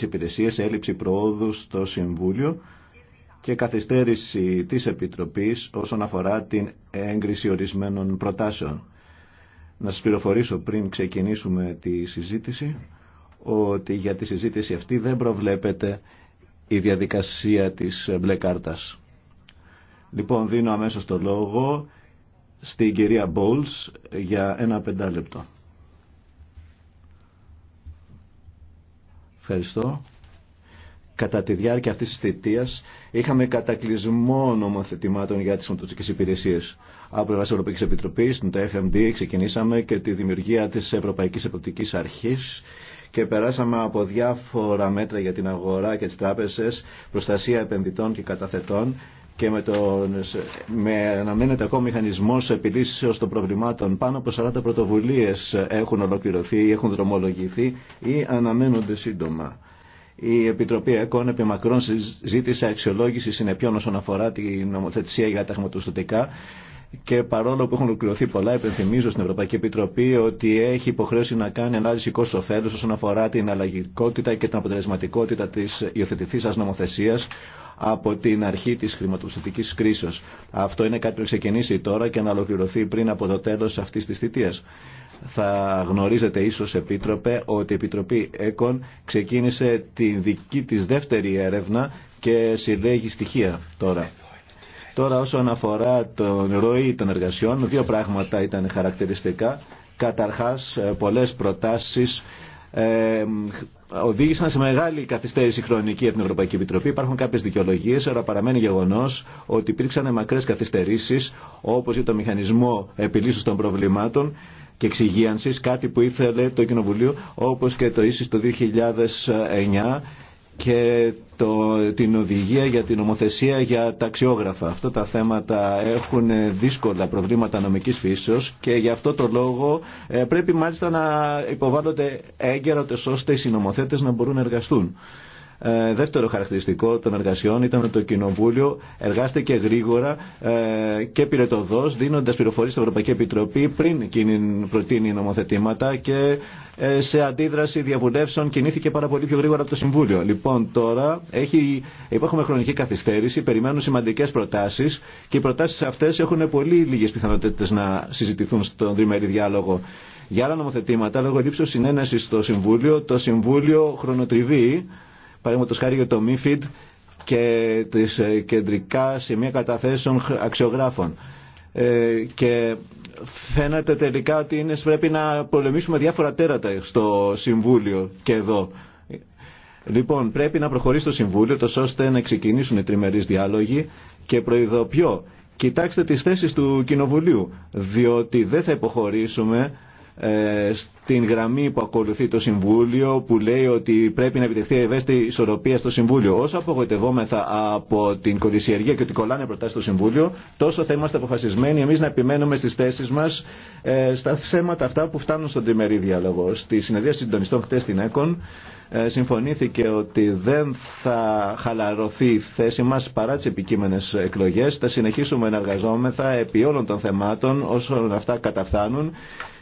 τις υπηρεσίες, έλλειψη προόδου στο Συμβούλιο και καθυστέρηση της Επιτροπής όσον αφορά την έγκριση ορισμένων προτάσεων. Να σας πληροφορήσω πριν ξεκινήσουμε τη συζήτηση ότι για τη συζήτηση αυτή δεν προβλέπεται η διαδικασία της μπλε κάρτας. Λοιπόν, δίνω αμέσως το λόγο στην κυρία Μπόλς για ένα πεντάλεπτο. Ευχαριστώ. Κατά τη διάρκεια αυτής της θητείας είχαμε κατακλυσμό νομοθετημάτων για τις μοτοτικές υπηρεσίες. Από πλευρά Ευρωπαϊκή Επιτροπή, την το FMD, ξεκινήσαμε και τη δημιουργία τη Ευρωπαϊκή Εποπτική Αρχή και περάσαμε από διάφορα μέτρα για την αγορά και τι τράπεζε, προστασία επενδυτών και καταθετών και με, με αναμένεται ακόμα μηχανισμό επιλύσεω των προβλημάτων. Πάνω από 40 πρωτοβουλίε έχουν ολοκληρωθεί ή έχουν δρομολογηθεί ή αναμένονται σύντομα. Η Επιτροπή ΕΚΟΝ επί μακρόν ζήτησε αξιολόγηση συνεπιών όσον αφορά τη νομοθεσία για τα χρηματοστατικά και παρόλο που έχουν ολοκληρωθεί πολλά, υπενθυμίζω στην Ευρωπαϊκή Επιτροπή ότι έχει υποχρέωση να κάνει ανάλυση κόστο ωφέλου όσον αφορά την αλλαγικότητα και την αποτελεσματικότητα τη υιοθετηθή νομοθεσία από την αρχή της χρηματοπιστωτικής κρίσης. Αυτό είναι κάτι που ξεκινήσει τώρα και να ολοκληρωθεί πριν από το τέλος αυτής της θητείας. Θα γνωρίζετε ίσως, Επίτροπε, ότι η Επιτροπή ΕΚΟΝ ξεκίνησε τη δική της δεύτερη έρευνα και συλλέγει στοιχεία τώρα. Τώρα όσον αφορά τον ροή των εργασιών, δύο πράγματα ήταν χαρακτηριστικά. Καταρχάς, πολλές προτάσεις ε, οδήγησαν σε μεγάλη καθυστέρηση χρονική από την Ευρωπαϊκή Επιτροπή. Υπάρχουν κάποιε δικαιολογίε, αλλά παραμένει γεγονό ότι υπήρξαν μακρέ καθυστερήσει, όπω για το μηχανισμό επιλύσεω των προβλημάτων και εξυγίανση, κάτι που ήθελε το Κοινοβουλίο, όπω και το ίση το 2009 και την οδηγία για την ομοθεσία για τα αξιόγραφα. Αυτά τα θέματα έχουν δύσκολα προβλήματα νομικής φύσεως και γι' αυτό το λόγο ε, πρέπει μάλιστα να υποβάλλονται έγκαιρα ώστε οι συνομοθέτες να μπορούν να εργαστούν. Ε, δεύτερο χαρακτηριστικό των εργασιών ήταν ότι το Κοινοβούλιο εργάστηκε γρήγορα ε, και πυρετοδό, δίνοντα πληροφορίε στην Ευρωπαϊκή Επιτροπή πριν προτείνει νομοθετήματα και ε, σε αντίδραση διαβουλεύσεων κινήθηκε πάρα πολύ πιο γρήγορα από το Συμβούλιο. Λοιπόν, τώρα έχει, υπάρχουμε χρονική καθυστέρηση, περιμένουν σημαντικέ προτάσει και οι προτάσει αυτέ έχουν πολύ λίγε πιθανότητε να συζητηθούν στον τριμερή διάλογο. Για άλλα νομοθετήματα, λόγω λήψεω συνένεση στο Συμβούλιο, το Συμβούλιο χρονοτριβεί παραδείγματο χάρη για το MIFID και τις ε, κεντρικά σημεία καταθέσεων αξιογράφων. Ε, και φαίνεται τελικά ότι είναι, πρέπει να πολεμήσουμε διάφορα τέρατα στο Συμβούλιο και εδώ. Λοιπόν, πρέπει να προχωρήσει το Συμβούλιο τόσο ώστε να ξεκινήσουν οι τριμερείς διάλογοι και προειδοποιώ, κοιτάξτε τις θέσεις του Κοινοβουλίου, διότι δεν θα υποχωρήσουμε ε, στην γραμμή που ακολουθεί το Συμβούλιο που λέει ότι πρέπει να επιτευχθεί ευαίσθητη ισορροπία στο Συμβούλιο. Όσο απογοητευόμεθα από την κολυσιεργία και ότι κολλάνε προτάσει στο Συμβούλιο, τόσο θα είμαστε αποφασισμένοι εμεί να επιμένουμε στι θέσει μα ε, στα θέματα αυτά που φτάνουν στον τριμερή διάλογο. Στη συνεδρία συντονιστών χτε στην ΕΚΟΝ ε, συμφωνήθηκε ότι δεν θα χαλαρωθεί η θέση μα παρά τι επικείμενε εκλογέ. Θα συνεχίσουμε να εργαζόμεθα επί όλων των θεμάτων όσων αυτά καταφθάνουν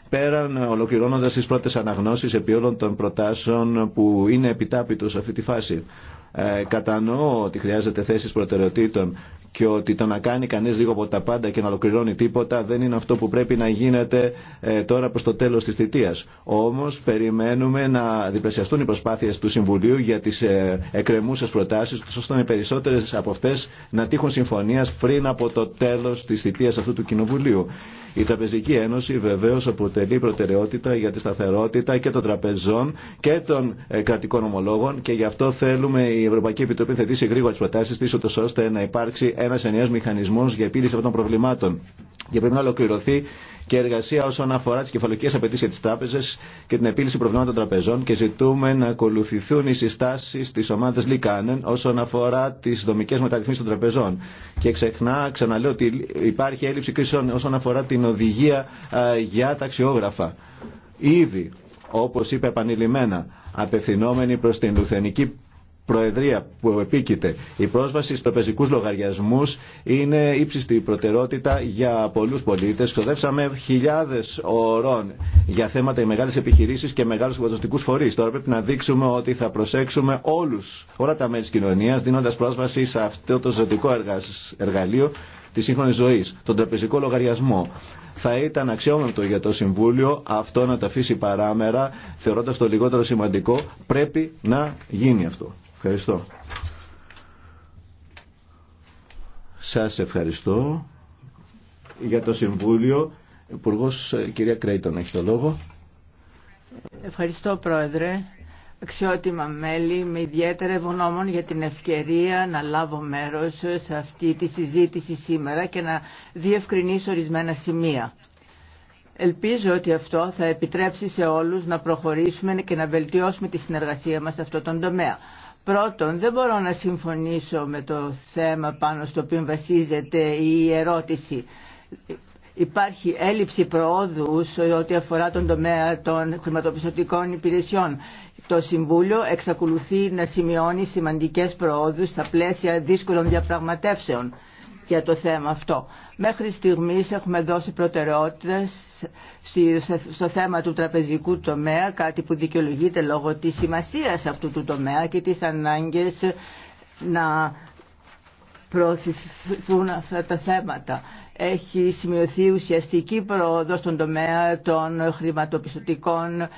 Πέραν ολοκληρώνοντας τις πρώτες αναγνώσεις επί όλων των προτάσεων που είναι επιτάπητο σε αυτή τη φάση. Ε, κατανοώ ότι χρειάζεται θέσεις προτεραιοτήτων και ότι το να κάνει κανείς λίγο από τα πάντα και να ολοκληρώνει τίποτα δεν είναι αυτό που πρέπει να γίνεται ε, τώρα προς το τέλος της θητείας. Όμως περιμένουμε να διπλασιαστούν οι προσπάθειες του Συμβουλίου για τις ε, εκκρεμούσες προτάσεις ώστε οι περισσότερες από αυτές να τύχουν συμφωνίας πριν από το τέλος της θητείας αυτού του Κοινοβουλίου. Η Τραπεζική Ένωση βεβαίω αποτελεί προτεραιότητα για τη σταθερότητα και των τραπεζών και των ε, κρατικών ομολόγων και γι' αυτό θέλουμε η Ευρωπαϊκή Επιτροπή θετήσει γρήγορα προτάσει τη, ώστε να υπάρξει ένας ενιαίος μηχανισμός για επίλυση αυτών των προβλημάτων και πρέπει να ολοκληρωθεί και εργασία όσον αφορά τι κεφαλικέ απαιτήσει για τι τράπεζε και την επίλυση προβλημάτων των τραπεζών και ζητούμε να ακολουθηθούν οι συστάσει τη ομάδα Λικάνεν όσον αφορά τι δομικέ μεταρρυθμίσει των τραπεζών. Και ξεχνά, ξαναλέω ότι υπάρχει έλλειψη κρίσεων όσον αφορά την οδηγία για ταξιόγραφα. αξιόγραφα. Ήδη, όπω είπε επανειλημμένα, απευθυνόμενοι προ την λουθενική Προεδρία που επίκειται. Η πρόσβαση στου τραπεζικούς λογαριασμούς είναι ύψιστη προτεραιότητα για πολλούς πολίτες. Ξοδέψαμε χιλιάδες ωρών για θέματα οι μεγάλε επιχειρήσει και μεγάλους χρηματοδοτικού φορείς. Τώρα πρέπει να δείξουμε ότι θα προσέξουμε όλους όλα τα μέλη της κοινωνία, δίνοντα πρόσβαση σε αυτό το ζωτικό εργαλείο τη σύγχρονη ζωή, τον τραπεζικό λογαριασμό. Θα ήταν το για το Συμβούλιο αυτό να τα αφήσει παράμερα, θεωρώντα το λιγότερο σημαντικό. Πρέπει να γίνει αυτό. Ευχαριστώ. Σας ευχαριστώ για το Συμβούλιο. Υπουργό, ε, κυρία Κρέιτον έχει το λόγο. Ευχαριστώ Πρόεδρε αξιότιμα μέλη με ιδιαίτερα ευγνώμων για την ευκαιρία να λάβω μέρος σε αυτή τη συζήτηση σήμερα και να διευκρινίσω ορισμένα σημεία. Ελπίζω ότι αυτό θα επιτρέψει σε όλους να προχωρήσουμε και να βελτιώσουμε τη συνεργασία μας σε αυτό τον τομέα. Πρώτον, δεν μπορώ να συμφωνήσω με το θέμα πάνω στο οποίο βασίζεται η ερώτηση. Υπάρχει έλλειψη προόδου ό,τι αφορά τον τομέα των χρηματοπιστωτικών υπηρεσιών το Συμβούλιο εξακολουθεί να σημειώνει σημαντικές προόδους στα πλαίσια δύσκολων διαπραγματεύσεων για το θέμα αυτό. Μέχρι στιγμής έχουμε δώσει προτεραιότητες στο θέμα του τραπεζικού τομέα, κάτι που δικαιολογείται λόγω της σημασίας αυτού του τομέα και της ανάγκης να προωθηθούν αυτά τα θέματα. Έχει σημειωθεί ουσιαστική πρόοδο στον τομέα των χρηματοπιστωτικών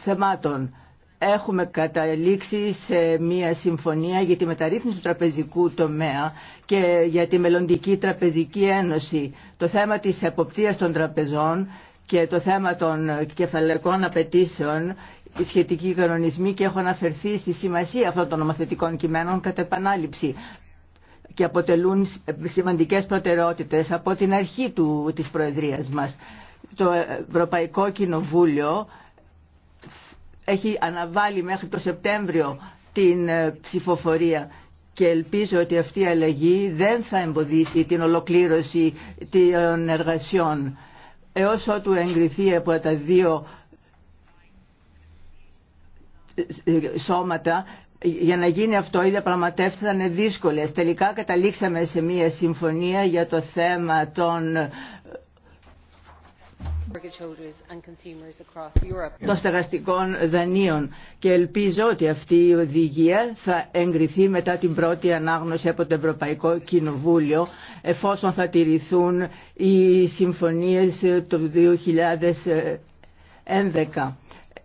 θεμάτων. Έχουμε καταλήξει σε μια συμφωνία για τη μεταρρύθμιση του τραπεζικού τομέα και για τη μελλοντική τραπεζική ένωση. Το θέμα της εποπτείας των τραπεζών και το θέμα των κεφαλαϊκών απαιτήσεων οι σχετικοί κανονισμοί και έχω αναφερθεί στη σημασία αυτών των νομοθετικών κειμένων κατά επανάληψη και αποτελούν σημαντικές προτεραιότητες από την αρχή του, της Προεδρίας μας. Το Ευρωπαϊκό Κοινοβούλιο έχει αναβάλει μέχρι το Σεπτέμβριο την ε, ψηφοφορία και ελπίζω ότι αυτή η αλλαγή δεν θα εμποδίσει την ολοκλήρωση των εργασιών. Έως ότου εγκριθεί από τα δύο ε, ε, σώματα, για να γίνει αυτό οι διαπραγματεύσει θα δύσκολες. Τελικά καταλήξαμε σε μια συμφωνία για το θέμα των των στεγαστικών δανείων και ελπίζω ότι αυτή η οδηγία θα εγκριθεί μετά την πρώτη ανάγνωση από το Ευρωπαϊκό Κοινοβούλιο εφόσον θα τηρηθούν οι συμφωνίες του 2011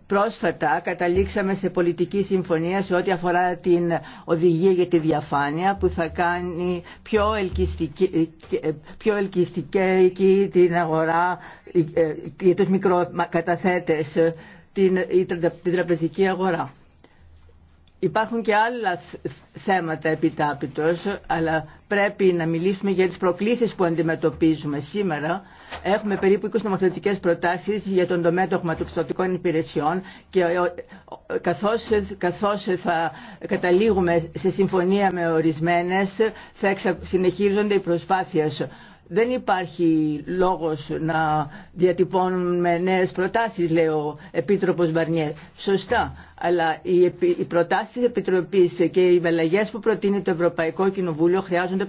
πρόσφατα καταλήξαμε σε πολιτική συμφωνία σε ό,τι αφορά την οδηγία για τη διαφάνεια που θα κάνει πιο ελκυστική, πιο ελκυστική την αγορά ε, ε, για τους μικροκαταθέτες την, την τραπεζική αγορά. Υπάρχουν και άλλα θέματα επιτάπητος, αλλά πρέπει να μιλήσουμε για τις προκλήσεις που αντιμετωπίζουμε σήμερα. Έχουμε περίπου 20 νομοθετικές προτάσεις για τον τομέα των χρηματοπιστωτικών υπηρεσιών και καθώς, καθώς θα καταλήγουμε σε συμφωνία με ορισμένες θα συνεχίζονται οι προσπάθειες δεν υπάρχει λόγος να διατυπώνουμε νέες προτάσεις, λέει ο Επίτροπος Μπαρνιέ. Σωστά, αλλά οι προτάσεις της Επιτροπής και οι μελαγές που προτείνει το Ευρωπαϊκό Κοινοβούλιο χρειάζονται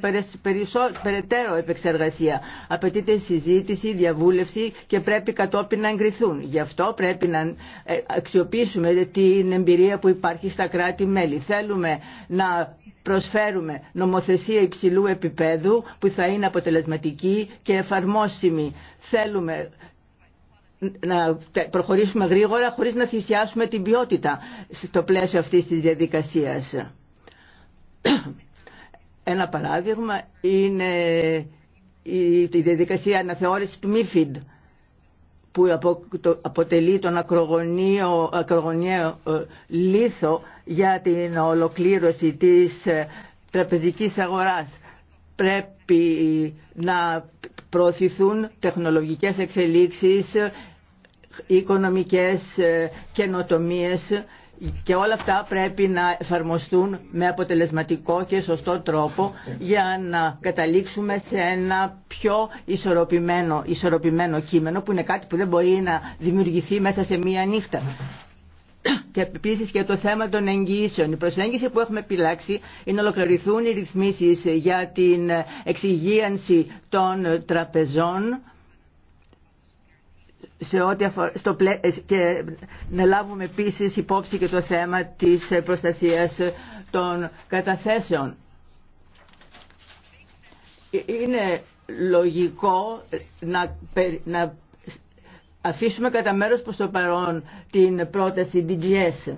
περαιτέρω επεξεργασία. Απαιτείται συζήτηση, διαβούλευση και πρέπει κατόπιν να εγκριθούν. Γι' αυτό πρέπει να ε, αξιοποιήσουμε την εμπειρία που υπάρχει στα κράτη-μέλη. Θέλουμε να προσφέρουμε νομοθεσία υψηλού επίπεδου που θα είναι αποτελεσματική και εφαρμόσιμη. Θέλουμε να προχωρήσουμε γρήγορα χωρίς να θυσιάσουμε την ποιότητα στο πλαίσιο αυτής της διαδικασίας. Ένα παράδειγμα είναι η διαδικασία αναθεώρησης του ΜΥΦΙΔ που αποτελεί τον ακρογωνιαίο ε, λίθο για την ολοκλήρωση της ε, τραπεζικής αγοράς. Πρέπει να προωθηθούν τεχνολογικές εξελίξεις, οικονομικές ε, καινοτομίες και όλα αυτά πρέπει να εφαρμοστούν με αποτελεσματικό και σωστό τρόπο για να καταλήξουμε σε ένα πιο ισορροπημένο, ισορροπημένο κείμενο που είναι κάτι που δεν μπορεί να δημιουργηθεί μέσα σε μία νύχτα και επίση και το θέμα των εγγύσεων. Η προσέγγιση που έχουμε επιλάξει είναι να ολοκληρωθούν οι ρυθμίσει για την εξυγίανση των τραπεζών σε ό,τι αφορά, στο και να λάβουμε επίση υπόψη και το θέμα της προστασίας των καταθέσεων. Ε, ε, είναι λογικό να, να αφήσουμε κατά μέρος προς το παρόν την πρόταση DGS.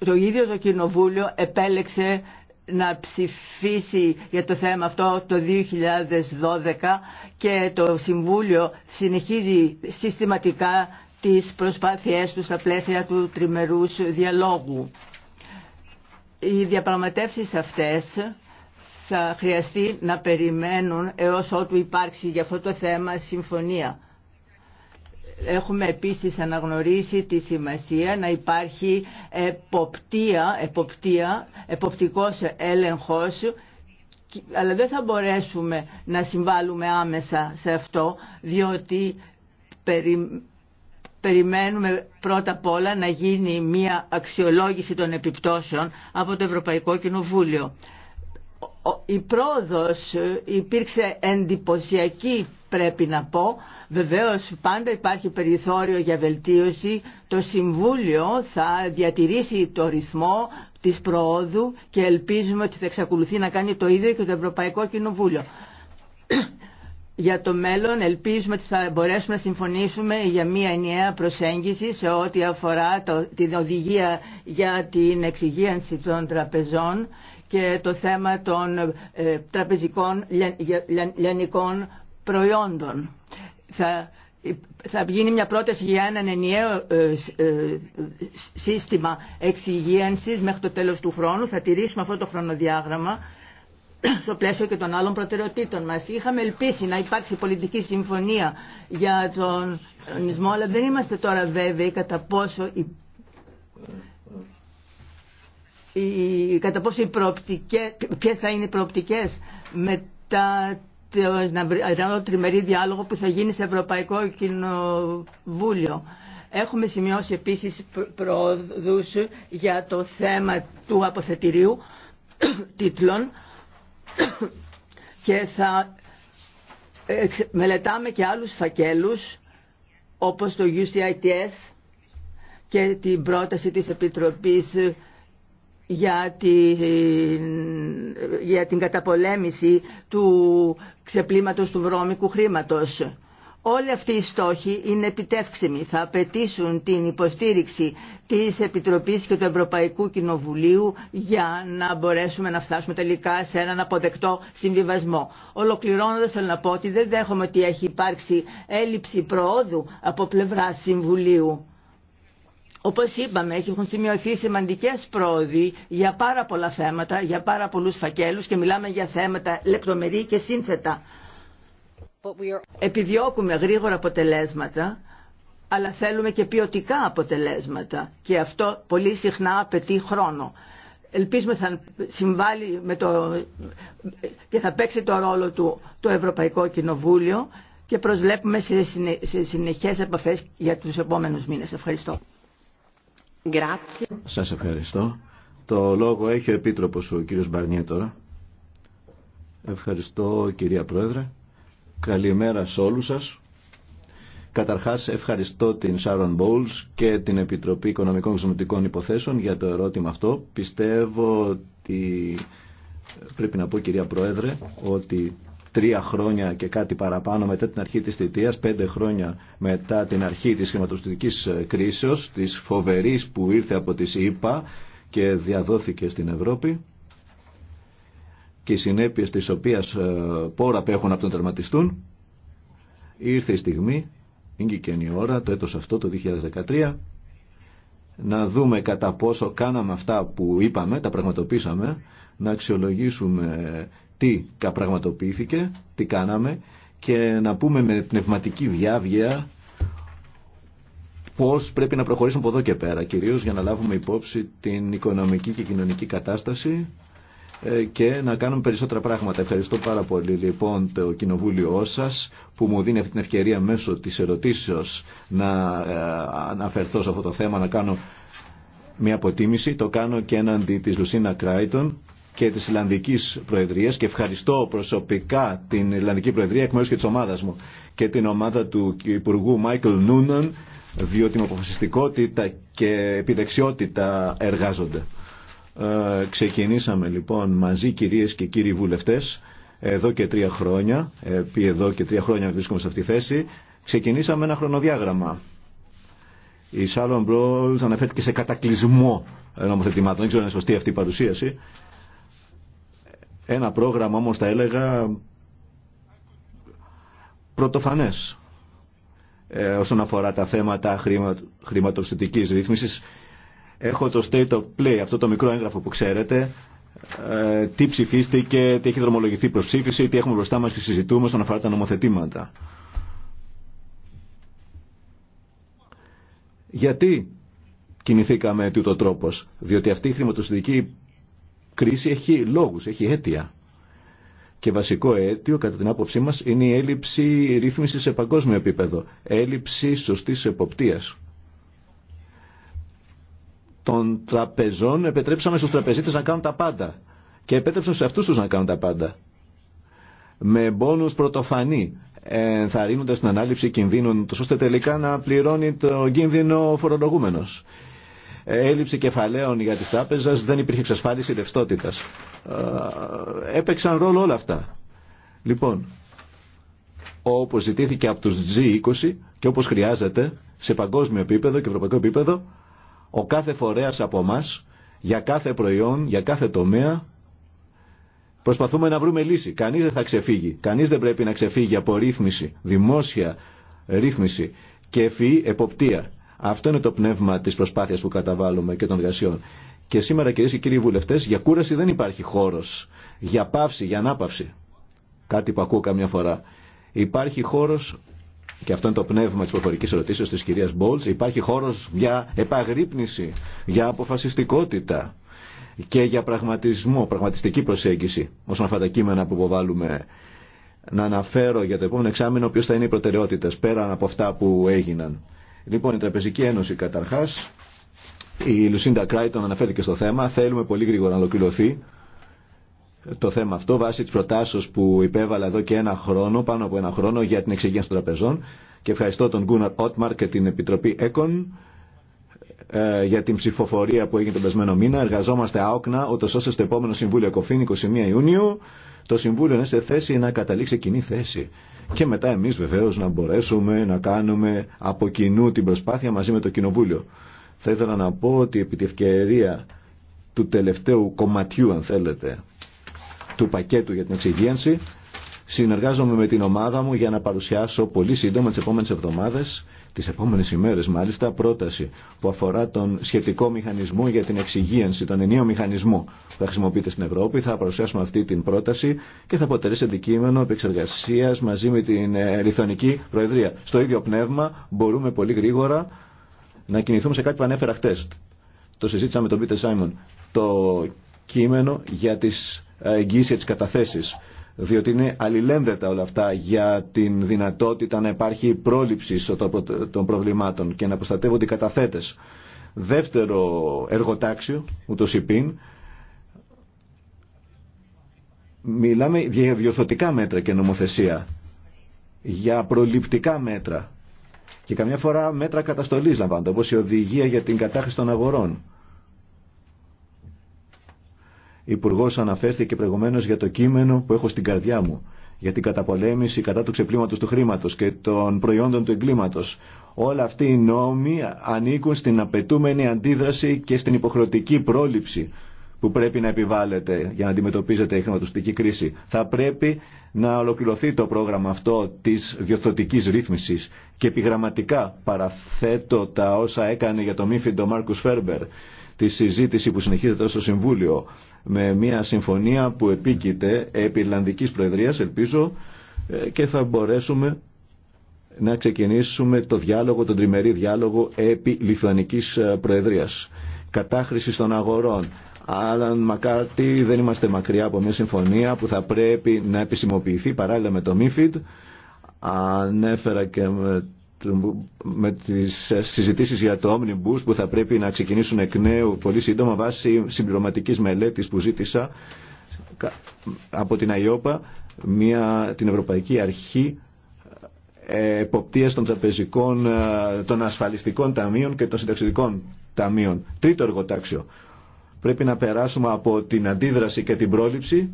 Το ίδιο το Κοινοβούλιο επέλεξε να ψηφίσει για το θέμα αυτό το 2012 και το Συμβούλιο συνεχίζει συστηματικά τις προσπάθειές του στα πλαίσια του τριμερούς διαλόγου. Οι διαπραγματεύσεις αυτές θα χρειαστεί να περιμένουν έως ότου υπάρξει για αυτό το θέμα συμφωνία. Έχουμε επίσης αναγνωρίσει τη σημασία να υπάρχει εποπτεία, εποπτεία, εποπτικός έλεγχος αλλά δεν θα μπορέσουμε να συμβάλλουμε άμεσα σε αυτό διότι περιμένουμε πρώτα απ' όλα να γίνει μια αξιολόγηση των επιπτώσεων από το Ευρωπαϊκό Κοινοβούλιο η πρόοδος ε, υπήρξε εντυπωσιακή πρέπει να πω. Βεβαίως πάντα υπάρχει περιθώριο για βελτίωση. Το Συμβούλιο θα διατηρήσει το ρυθμό της προόδου και ελπίζουμε ότι θα εξακολουθεί να κάνει το ίδιο και το Ευρωπαϊκό Κοινοβούλιο. Για το μέλλον ελπίζουμε ότι θα μπορέσουμε να συμφωνήσουμε για μια ενιαία προσέγγιση σε ό,τι αφορά την οδηγία για την εξυγίανση των τραπεζών και το θέμα των ε, τραπεζικών λιανικών προϊόντων. Θα, θα γίνει μια πρόταση για ένα ενιαίο ε, ε, σύστημα εξυγίανσης μέχρι το τέλος του χρόνου. Θα τηρήσουμε αυτό το χρονοδιάγραμμα στο πλαίσιο και των άλλων προτεραιοτήτων μας. Είχαμε ελπίσει να υπάρξει πολιτική συμφωνία για τον νησμό, αλλά δεν είμαστε τώρα βέβαιοι κατά πόσο οι, κατά πόσο προοπτικές, ποιες θα είναι οι προοπτικές μετά τον τριμερή διάλογο που θα γίνει σε Ευρωπαϊκό Κοινοβούλιο. Έχουμε σημειώσει επίσης προοδούς για το θέμα του αποθετηρίου τίτλων και θα μελετάμε και άλλους φακέλους όπως το UCITS και την πρόταση της Επιτροπής για την, για την καταπολέμηση του ξεπλήματος του βρώμικου χρήματος. Όλοι αυτοί οι στόχοι είναι επιτεύξιμοι. Θα απαιτήσουν την υποστήριξη της Επιτροπής και του Ευρωπαϊκού Κοινοβουλίου για να μπορέσουμε να φτάσουμε τελικά σε έναν αποδεκτό συμβιβασμό. Ολοκληρώνοντας θέλω να πω ότι δεν δέχομαι ότι έχει υπάρξει έλλειψη προόδου από πλευρά Συμβουλίου όπως είπαμε, έχουν σημειωθεί σημαντικές πρόοδοι για πάρα πολλά θέματα, για πάρα πολλούς φακέλους και μιλάμε για θέματα λεπτομερή και σύνθετα. Επιδιώκουμε γρήγορα αποτελέσματα, αλλά θέλουμε και ποιοτικά αποτελέσματα και αυτό πολύ συχνά απαιτεί χρόνο. Ελπίζουμε θα συμβάλλει και θα παίξει το ρόλο του το Ευρωπαϊκό Κοινοβούλιο και προσβλέπουμε σε συνεχές επαφές για τους επόμενους μήνες. Ευχαριστώ. Σας ευχαριστώ. Το λόγο έχει ο Επίτροπος ο κύριος Μπαρνιέ τώρα. Ευχαριστώ κυρία Πρόεδρε. Καλημέρα σε όλους σας. Καταρχάς ευχαριστώ την Sharon Bowles και την Επιτροπή Οικονομικών Ξενοτικών Υποθέσεων για το ερώτημα αυτό. Πιστεύω ότι πρέπει να πω κυρία Πρόεδρε ότι τρία χρόνια και κάτι παραπάνω μετά την αρχή της θητείας, πέντε χρόνια μετά την αρχή της χρηματοστητικής ε, κρίσεως, της φοβερής που ήρθε από τις ΗΠΑ και διαδόθηκε στην Ευρώπη και οι συνέπειες της οποίας ε, πόρα απέχουν από τον τερματιστούν, ήρθε η στιγμή, είναι και η ώρα, το έτος αυτό, το 2013, να δούμε κατά πόσο κάναμε αυτά που είπαμε, τα πραγματοποίησαμε, να αξιολογήσουμε τι καπραγματοποιήθηκε, τι κάναμε και να πούμε με πνευματική διάβγεια πώς πρέπει να προχωρήσουμε από εδώ και πέρα, κυρίως για να λάβουμε υπόψη την οικονομική και κοινωνική κατάσταση ε, και να κάνουμε περισσότερα πράγματα. Ευχαριστώ πάρα πολύ λοιπόν το κοινοβούλιο σας που μου δίνει αυτή την ευκαιρία μέσω της ερωτήσεως να ε, αναφερθώ σε αυτό το θέμα, να κάνω μια αποτίμηση. Το κάνω και έναντι της Λουσίνα Κράιτον και τη Ιρλανδική Προεδρία και ευχαριστώ προσωπικά την Ιρλανδική Προεδρία εκ μέρου και τη ομάδα μου και την ομάδα του Υπουργού Μάικλ Νούναν διότι με αποφασιστικότητα και επιδεξιότητα εργάζονται. Ε, ξεκινήσαμε λοιπόν μαζί κυρίες και κύριοι βουλευτές εδώ και τρία χρόνια, επί εδώ και τρία χρόνια βρίσκομαι σε αυτή τη θέση, ξεκινήσαμε ένα χρονοδιάγραμμα. Η Σάλλον Μπρόλ αναφέρθηκε σε κατακλυσμό νομοθετημάτων. Δεν ξέρω αν είναι σωστή αυτή η παρουσίαση. Ένα πρόγραμμα όμως θα έλεγα πρωτοφανές ε, όσον αφορά τα θέματα χρημα, ρύθμιση, ρύθμισης. Έχω το State of Play, αυτό το μικρό έγγραφο που ξέρετε, ε, τι ψηφίστηκε, τι έχει δρομολογηθεί προς ψήφιση, τι έχουμε μπροστά μας και συζητούμε όσον αφορά τα νομοθετήματα. Γιατί κινηθήκαμε τούτο τρόπος, διότι αυτή η χρηματοπιστωτική κρίση έχει λόγους, έχει αίτια. Και βασικό αίτιο, κατά την άποψή μας, είναι η έλλειψη ρύθμισης σε παγκόσμιο επίπεδο, έλλειψη σωστής εποπτείας. Των τραπεζών επιτρέψαμε στους τραπεζίτες να κάνουν τα πάντα και επέτρεψαν σε αυτούς τους να κάνουν τα πάντα. Με μπόνους πρωτοφανή, ενθαρρύνοντας την ανάληψη κινδύνων, ώστε τελικά να πληρώνει το κίνδυνο ο φορολογούμενος. Ε, έλλειψη κεφαλαίων για τις τράπεζες, δεν υπήρχε εξασφάλιση ρευστότητας. Ε, έπαιξαν ρόλο όλα αυτά. Λοιπόν, όπως ζητήθηκε από τους G20 και όπως χρειάζεται σε παγκόσμιο επίπεδο και ευρωπαϊκό επίπεδο, ο κάθε φορέας από εμά, για κάθε προϊόν, για κάθε τομέα, προσπαθούμε να βρούμε λύση. Κανείς δεν θα ξεφύγει. Κανείς δεν πρέπει να ξεφύγει από ρύθμιση, δημόσια ρύθμιση και ευφυή εποπτεία. Αυτό είναι το πνεύμα τη προσπάθεια που καταβάλουμε και των εργασιών. Και σήμερα, κυρίε και κύριοι βουλευτέ, για κούραση δεν υπάρχει χώρο. Για πάυση, για ανάπαυση. Κάτι που ακούω καμιά φορά. Υπάρχει χώρο, και αυτό είναι το πνεύμα τη προφορική ερωτήσεω τη κυρία Μπόλ, υπάρχει χώρο για επαγρύπνηση, για αποφασιστικότητα και για πραγματισμό, πραγματιστική προσέγγιση όσον αφορά τα κείμενα που υποβάλλουμε. Να αναφέρω για το επόμενο εξάμεινο ποιε θα είναι οι προτεραιότητε πέραν από αυτά που έγιναν. Λοιπόν, η Τραπεζική Ένωση καταρχά. Η Λουσίντα Κράιτον αναφέρθηκε στο θέμα. Θέλουμε πολύ γρήγορα να ολοκληρωθεί το θέμα αυτό βάσει τη προτάσεω που υπέβαλα εδώ και ένα χρόνο, πάνω από ένα χρόνο, για την εξυγίανση των τραπεζών. Και ευχαριστώ τον Γκούναρ Ότμαρ και την Επιτροπή ΕΚΟΝ ε, για την ψηφοφορία που έγινε τον πεσμένο μήνα. Εργαζόμαστε άοκνα, ούτω ώστε στο επόμενο Συμβούλιο Κοφίν 21 Ιουνίου το Συμβούλιο είναι σε θέση να καταλήξει κοινή θέση. Και μετά εμείς βεβαίω να μπορέσουμε να κάνουμε από κοινού την προσπάθεια μαζί με το Κοινοβούλιο. Θα ήθελα να πω ότι επί τη ευκαιρία του τελευταίου κομματιού, αν θέλετε, του πακέτου για την εξυγίανση, συνεργάζομαι με την ομάδα μου για να παρουσιάσω πολύ σύντομα τι επόμενε εβδομάδε τις επόμενες ημέρες μάλιστα πρόταση που αφορά τον σχετικό μηχανισμό για την εξυγίανση, τον ενίο μηχανισμό που θα χρησιμοποιείται στην Ευρώπη. Θα παρουσιάσουμε αυτή την πρόταση και θα αποτελέσει αντικείμενο επεξεργασίας μαζί με την ε, Λιθωνική Προεδρία. Στο ίδιο πνεύμα μπορούμε πολύ γρήγορα να κινηθούμε σε κάτι που ανέφερα χτες. Το συζήτησα με τον Πίτερ Σάιμον. Το κείμενο για τις ε, εγγύσει για καταθέσεις διότι είναι αλληλένδετα όλα αυτά για την δυνατότητα να υπάρχει πρόληψη των προβλημάτων και να προστατεύονται οι καταθέτες. Δεύτερο εργοτάξιο, ούτως υπήν, μιλάμε για διορθωτικά μέτρα και νομοθεσία, για προληπτικά μέτρα και καμιά φορά μέτρα καταστολής λαμβάνονται, όπως η οδηγία για την κατάχρηση των αγορών Υπουργό αναφέρθηκε προηγουμένω για το κείμενο που έχω στην καρδιά μου, για την καταπολέμηση κατά του ξεπλήματο του χρήματο και των προϊόντων του εγκλήματο. Όλα αυτοί οι νόμοι ανήκουν στην απαιτούμενη αντίδραση και στην υποχρεωτική πρόληψη που πρέπει να επιβάλλεται για να αντιμετωπίζεται η χρηματοστική κρίση. Θα πρέπει να ολοκληρωθεί το πρόγραμμα αυτό της διορθωτικής ρύθμισης και επιγραμματικά παραθέτω τα όσα έκανε για το μύφιντο Μάρκους Φέρμπερ τη συζήτηση που συνεχίζεται στο Συμβούλιο με μια συμφωνία που επίκειται επί Ιρλανδικής Προεδρίας, ελπίζω, ε, και θα μπορέσουμε να ξεκινήσουμε το διάλογο, τον τριμερή διάλογο επί Λιθουανικής ε, Προεδρίας. Κατάχρηση των αγορών. Αλλά μακάρτι δεν είμαστε μακριά από μια συμφωνία που θα πρέπει να επισημοποιηθεί παράλληλα με το ΜΥΦΙΤ Ανέφερα και με τις συζητήσεις για το Omnibus που θα πρέπει να ξεκινήσουν εκ νέου πολύ σύντομα βάσει συμπληρωματικής μελέτης που ζήτησα από την ΑΙΟΠΑ μια, την Ευρωπαϊκή Αρχή ε, εποπτείας των τραπεζικών, ε, των ασφαλιστικών ταμείων και των συνταξιδικών ταμείων. Τρίτο εργοτάξιο. Πρέπει να περάσουμε από την αντίδραση και την πρόληψη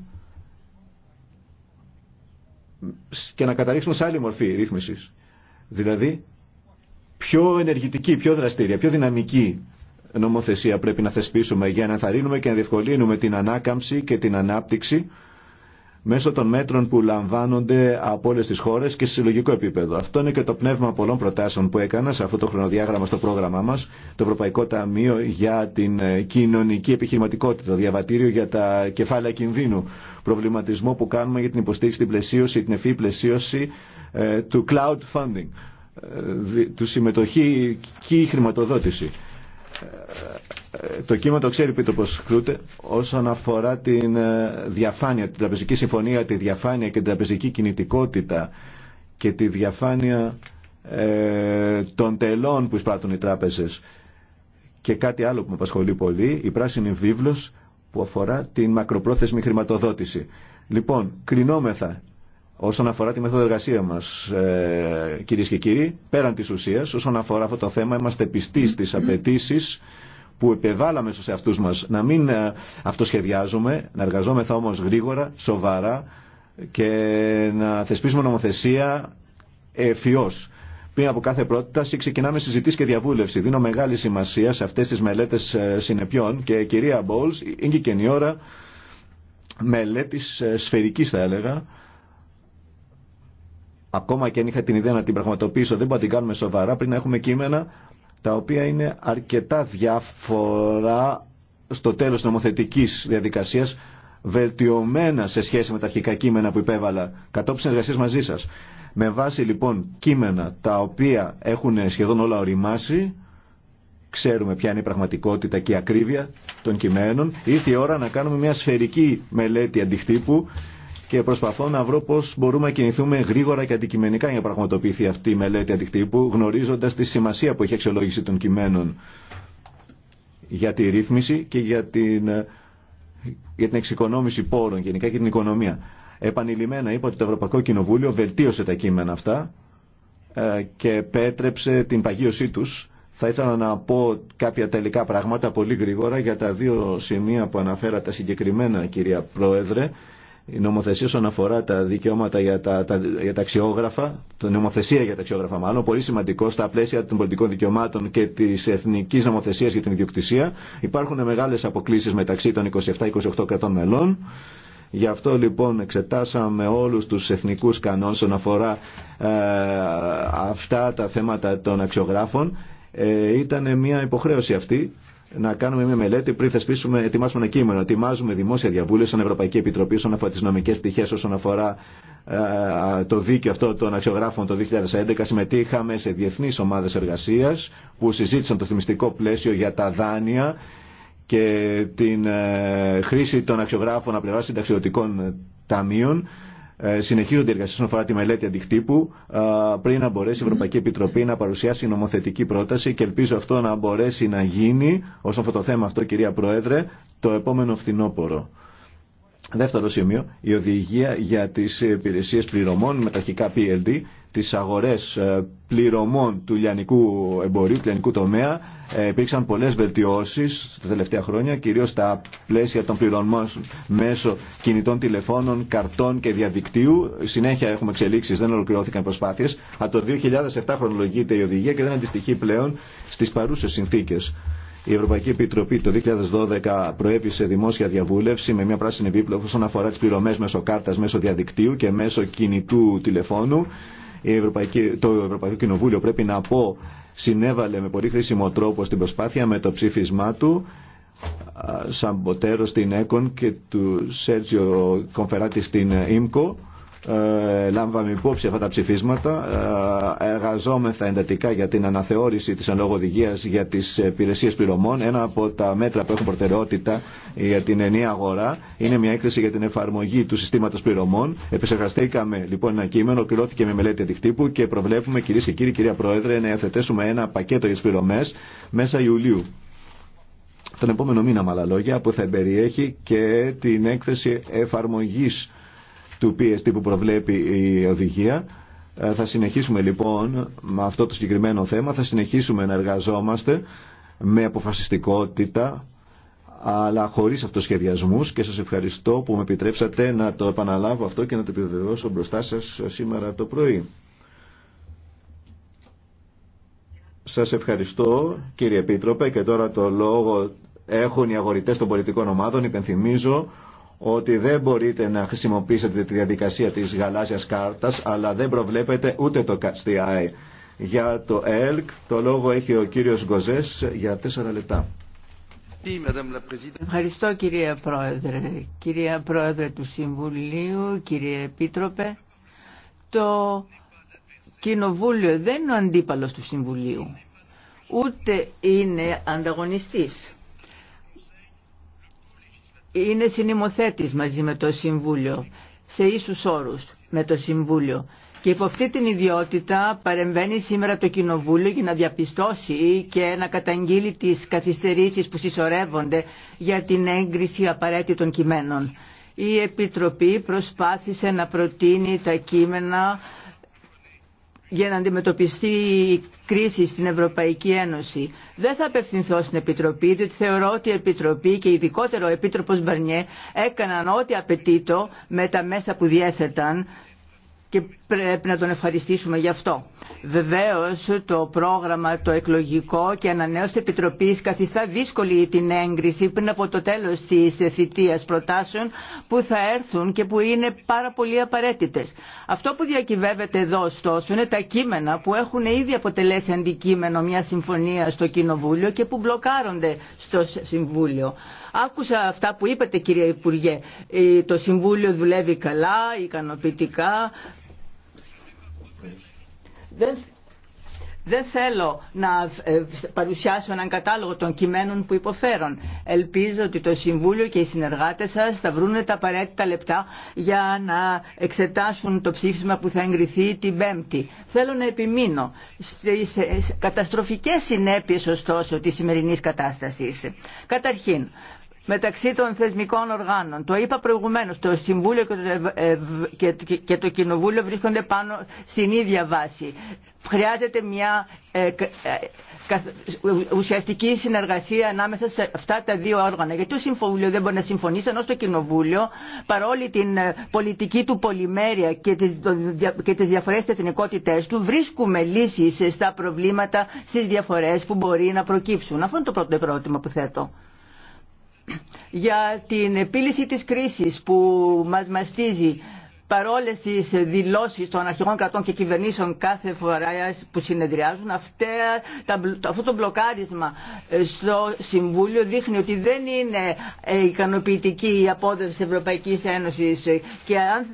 και να καταλήξουμε σε άλλη μορφή ρύθμισης Δηλαδή, πιο ενεργητική, πιο δραστήρια, πιο δυναμική νομοθεσία πρέπει να θεσπίσουμε για να ενθαρρύνουμε και να διευκολύνουμε την ανάκαμψη και την ανάπτυξη μέσω των μέτρων που λαμβάνονται από όλε τι χώρε και σε συλλογικό επίπεδο. Αυτό είναι και το πνεύμα πολλών προτάσεων που έκανα σε αυτό το χρονοδιάγραμμα στο πρόγραμμά μα. Το Ευρωπαϊκό Ταμείο για την ε, Κοινωνική Επιχειρηματικότητα, το Διαβατήριο για τα Κεφάλαια Κινδύνου, προβληματισμό που κάνουμε για την υποστήριξη, την πλαισίωση, την ευφύ πλαισίωση του ε, cloud funding, ε, του συμμετοχή και η χρηματοδότηση. Ε, το κείμενο το ξέρει πως Κρούτε όσον αφορά την διαφάνεια, την τραπεζική συμφωνία, τη διαφάνεια και την τραπεζική κινητικότητα και τη διαφάνεια των τελών που εισπράττουν οι τράπεζες. Και κάτι άλλο που με απασχολεί πολύ, η πράσινη βίβλος που αφορά την μακροπρόθεσμη χρηματοδότηση. Λοιπόν, κρινόμεθα όσον αφορά τη μεθόδο εργασία μας, ε, κυρίες και κύριοι, πέραν τη ουσία, όσον αφορά αυτό το θέμα, είμαστε πιστοί στι απαιτήσει που επεβάλαμε στους εαυτούς μα να μην ε, αυτοσχεδιάζουμε, να εργαζόμεθα όμω γρήγορα, σοβαρά και να θεσπίσουμε νομοθεσία ευφυώ. Πριν από κάθε πρόταση ξεκινάμε συζητήσει και διαβούλευση. Δίνω μεγάλη σημασία σε αυτές τις μελέτες ε, συνεπιών και κυρία Μπόλ, είναι και η ώρα μελέτη ε, σφαιρική, θα έλεγα, ακόμα και αν είχα την ιδέα να την πραγματοποιήσω, δεν μπορώ να την κάνουμε σοβαρά πριν να έχουμε κείμενα τα οποία είναι αρκετά διάφορα στο τέλος νομοθετική διαδικασίας βελτιωμένα σε σχέση με τα αρχικά κείμενα που υπέβαλα κατόπιν συνεργασία μαζί σας. Με βάση λοιπόν κείμενα τα οποία έχουν σχεδόν όλα οριμάσει, ξέρουμε ποια είναι η πραγματικότητα και η ακρίβεια των κειμένων, ήρθε η ώρα να κάνουμε μια σφαιρική μελέτη αντιχτύπου και προσπαθώ να βρω πώ μπορούμε να κινηθούμε γρήγορα και αντικειμενικά για να πραγματοποιηθεί αυτή η μελέτη αντικτύπου, γνωρίζοντα τη σημασία που έχει αξιολόγηση των κειμένων για τη ρύθμιση και για την, για την εξοικονόμηση πόρων γενικά και την οικονομία. Επανειλημμένα είπα ότι το Ευρωπαϊκό Κοινοβούλιο βελτίωσε τα κείμενα αυτά ε, και πέτρεψε την παγίωσή τους. Θα ήθελα να πω κάποια τελικά πράγματα πολύ γρήγορα για τα δύο σημεία που αναφέρατε συγκεκριμένα κυρία Πρόεδρε η νομοθεσία όσον αφορά τα δικαιώματα για τα, για τα αξιόγραφα, το νομοθεσία για τα αξιόγραφα μάλλον, πολύ σημαντικό στα πλαίσια των πολιτικών δικαιωμάτων και τη εθνική νομοθεσία για την ιδιοκτησία. Υπάρχουν μεγάλε αποκλήσει μεταξύ των 27-28 κρατών μελών. Γι' αυτό λοιπόν εξετάσαμε όλους τους εθνικούς κανόνες όσον αφορά ε, αυτά τα θέματα των αξιογράφων. Ε, ήταν μια υποχρέωση αυτή να κάνουμε μια μελέτη πριν θεσπίσουμε, ετοιμάσουμε ένα κείμενο. Ετοιμάζουμε δημόσια διαβούλευση σαν Ευρωπαϊκή Επιτροπή όσον αφορά τι νομικέ πτυχέ, όσον αφορά ε, το δίκαιο αυτό των αξιογράφων το 2011. Συμμετείχαμε σε διεθνεί ομάδε εργασία που συζήτησαν το θυμιστικό πλαίσιο για τα δάνεια και την ε, χρήση των αξιογράφων απλευρά συνταξιωτικών ταμείων. Ε, συνεχίζονται οι εργασίε όσον αφορά τη μελέτη αντικτύπου ε, πριν να μπορέσει η Ευρωπαϊκή Επιτροπή να παρουσιάσει νομοθετική πρόταση και ελπίζω αυτό να μπορέσει να γίνει όσον αυτό το θέμα αυτό, κυρία Πρόεδρε, το επόμενο φθινόπωρο. Δεύτερο σημείο, η οδηγία για τις υπηρεσίες πληρωμών με ταχικά PLD τις αγορές ε, πληρωμών του λιανικού εμπορίου, του λιανικού τομέα. Ε, υπήρξαν πολλές βελτιώσεις τα τελευταία χρόνια, κυρίως στα πλαίσια των πληρωμών μέσω κινητών τηλεφώνων, καρτών και διαδικτύου. Συνέχεια έχουμε εξελίξεις, δεν ολοκληρώθηκαν προσπάθειες. Από το 2007 χρονολογείται η οδηγία και δεν αντιστοιχεί πλέον στις παρούσες συνθήκες. Η Ευρωπαϊκή Επιτροπή το 2012 προέβησε δημόσια διαβούλευση με μια πράσινη όσον αφορά τι πληρωμέ μέσω κάρτα, μέσω διαδικτύου και μέσω κινητού τηλεφώνου. Η Ευρωπαϊκή, το Ευρωπαϊκό Κοινοβούλιο πρέπει να πω συνέβαλε με πολύ χρήσιμο τρόπο στην προσπάθεια με το ψήφισμά του Σαμποτέρο στην ΕΚΟΝ και του Σέρτζιο Κομφεράτη στην ΙΜΚΟ ε, λάμβαμε υπόψη αυτά τα ψηφίσματα. Ε, εργαζόμεθα εντατικά για την αναθεώρηση τη αναλογοδηγία για τις υπηρεσίε πληρωμών. Ένα από τα μέτρα που έχουν προτεραιότητα για την ενία αγορά είναι μια έκθεση για την εφαρμογή του συστήματος πληρωμών. επεσεργαστήκαμε λοιπόν ένα κείμενο, κληρώθηκε με μελέτη αντικτύπου και προβλέπουμε κυρίε και κύριοι, κυρία Πρόεδρε, να εθετέσουμε ένα πακέτο για τι πληρωμέ μέσα Ιουλίου τον επόμενο μήνα με άλλα λόγια που θα περιέχει και την έκθεση εφαρμογής του PST που προβλέπει η οδηγία. Ε, θα συνεχίσουμε λοιπόν με αυτό το συγκεκριμένο θέμα, θα συνεχίσουμε να εργαζόμαστε με αποφασιστικότητα αλλά χωρίς αυτοσχεδιασμούς και σας ευχαριστώ που με επιτρέψατε να το επαναλάβω αυτό και να το επιβεβαιώσω μπροστά σας σήμερα το πρωί. Σας ευχαριστώ κύριε Επίτροπε και τώρα το λόγο έχουν οι αγορητές των πολιτικών ομάδων. Υπενθυμίζω ότι δεν μπορείτε να χρησιμοποιήσετε τη διαδικασία της γαλάζιας κάρτας, αλλά δεν προβλέπετε ούτε το ΚΑΣΤΙΑΕ. Για το ΕΛΚ, το λόγο έχει ο κύριος Γκοζές για τέσσερα λεπτά. Ευχαριστώ κυρία Πρόεδρε. Κυρία Πρόεδρε του Συμβουλίου, κύριε Επίτροπε, το Κοινοβούλιο δεν είναι ο αντίπαλος του Συμβουλίου, ούτε είναι ανταγωνιστής είναι συνημοθέτης μαζί με το Συμβούλιο, σε ίσους όρους με το Συμβούλιο. Και υπό αυτή την ιδιότητα παρεμβαίνει σήμερα το Κοινοβούλιο για να διαπιστώσει και να καταγγείλει τις καθυστερήσεις που συσσωρεύονται για την έγκριση απαραίτητων κειμένων. Η Επιτροπή προσπάθησε να προτείνει τα κείμενα για να αντιμετωπιστεί η κρίση στην Ευρωπαϊκή Ένωση. Δεν θα απευθυνθώ στην Επιτροπή, διότι θεωρώ ότι η Επιτροπή και ειδικότερο ο Επίτροπος Μπαρνιέ έκαναν ό,τι απαιτείτο με τα μέσα που διέθεταν και πρέπει να τον ευχαριστήσουμε γι' αυτό. Βεβαίω, το πρόγραμμα το εκλογικό και ανανέωση επιτροπή καθιστά δύσκολη την έγκριση πριν από το τέλο τη θητείας προτάσεων που θα έρθουν και που είναι πάρα πολύ απαραίτητε. Αυτό που διακυβεύεται εδώ ωστόσο είναι τα κείμενα που έχουν ήδη αποτελέσει αντικείμενο μια συμφωνία στο Κοινοβούλιο και που μπλοκάρονται στο Συμβούλιο. Άκουσα αυτά που είπατε κύριε Υπουργέ. Ε, το Συμβούλιο δουλεύει καλά, ικανοποιητικά, δεν, θέλω να ε, παρουσιάσω έναν κατάλογο των κειμένων που υποφέρουν. Ελπίζω ότι το Συμβούλιο και οι συνεργάτες σας θα βρουν τα απαραίτητα λεπτά για να εξετάσουν το ψήφισμα που θα εγκριθεί την Πέμπτη. Θέλω να επιμείνω στις ε, καταστροφικές συνέπειες ωστόσο της σημερινής κατάστασης. Καταρχήν, μεταξύ των θεσμικών οργάνων. Το είπα προηγουμένως, το Συμβούλιο και το Κοινοβούλιο βρίσκονται πάνω στην ίδια βάση. Χρειάζεται μια ε, ε, ουσιαστική συνεργασία ανάμεσα σε αυτά τα δύο όργανα. Γιατί το Συμβούλιο δεν μπορεί να συμφωνήσει, ενώ στο Κοινοβούλιο, παρόλη την ε, πολιτική του πολυμέρεια και τις διαφορές της εθνικότητές του, βρίσκουμε λύσεις στα προβλήματα, στις διαφορές που μπορεί να προκύψουν. Αυτό είναι το πρώτο ερώτημα που θέτω για την επίλυση της κρίσης που μας μαστίζει παρόλες τις δηλώσεις των αρχηγών κρατών και κυβερνήσεων κάθε φορά που συνεδριάζουν, τα αυτό το μπλοκάρισμα ε, στο Συμβούλιο δείχνει ότι δεν είναι ε, ικανοποιητική η απόδοση της Ευρωπαϊκής Ένωσης και αν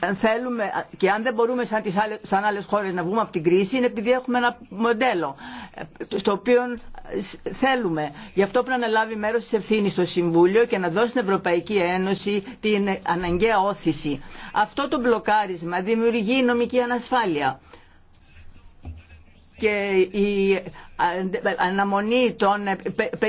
αν θέλουμε και αν δεν μπορούμε σαν, τις άλλες, σαν χώρες να βγούμε από την κρίση είναι επειδή έχουμε ένα μοντέλο ε, στο οποίο ε, θέλουμε. Γι' αυτό πρέπει να λάβει μέρος της ευθύνη στο Συμβούλιο και να δώσει στην Ευρωπαϊκή Ένωση την ε, αναγκαία όθηση. Αυτό το μπλοκάρισμα δημιουργεί νομική ανασφάλεια και η αναμονή των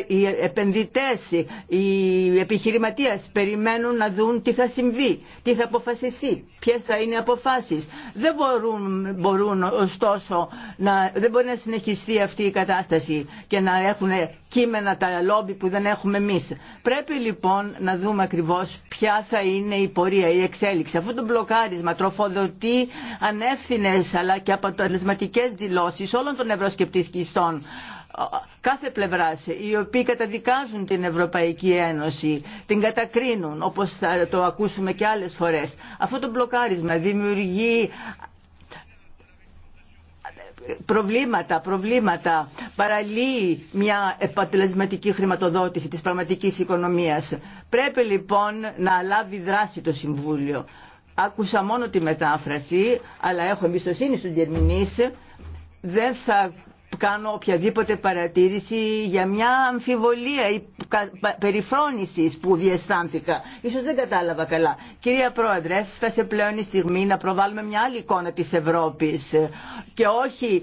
οι επενδυτές, οι επιχειρηματίες περιμένουν να δουν τι θα συμβεί, τι θα αποφασιστεί, ποιες θα είναι οι αποφάσεις. Δεν μπορούν, μπορούν ωστόσο να, δεν μπορεί να συνεχιστεί αυτή η κατάσταση και να έχουν κείμενα, τα λόμπι που δεν έχουμε εμείς. Πρέπει λοιπόν να δούμε ακριβώς ποια θα είναι η πορεία, η εξέλιξη. Αυτό το μπλοκάρισμα τροφοδοτεί ανεύθυνες αλλά και αποτελεσματικέ δηλώσεις όλων των ευρωσκεπτικιστών κάθε πλευρά, οι οποίοι καταδικάζουν την Ευρωπαϊκή Ένωση, την κατακρίνουν όπως θα το ακούσουμε και άλλες φορές. Αυτό το μπλοκάρισμα δημιουργεί προβλήματα, προβλήματα παραλύει μια επατελεσματική χρηματοδότηση της πραγματικής οικονομίας. Πρέπει λοιπόν να λάβει δράση το Συμβούλιο. Άκουσα μόνο τη μετάφραση, αλλά έχω εμπιστοσύνη στους Γερμινείς. Δεν θα κάνω οποιαδήποτε παρατήρηση για μια αμφιβολία ή περιφρόνησης που διαισθάνθηκα. Ίσως δεν κατάλαβα καλά. Κυρία Πρόεδρε, έφτασε πλέον η στιγμή να προβάλλουμε μια άλλη εικόνα της Ευρώπης και όχι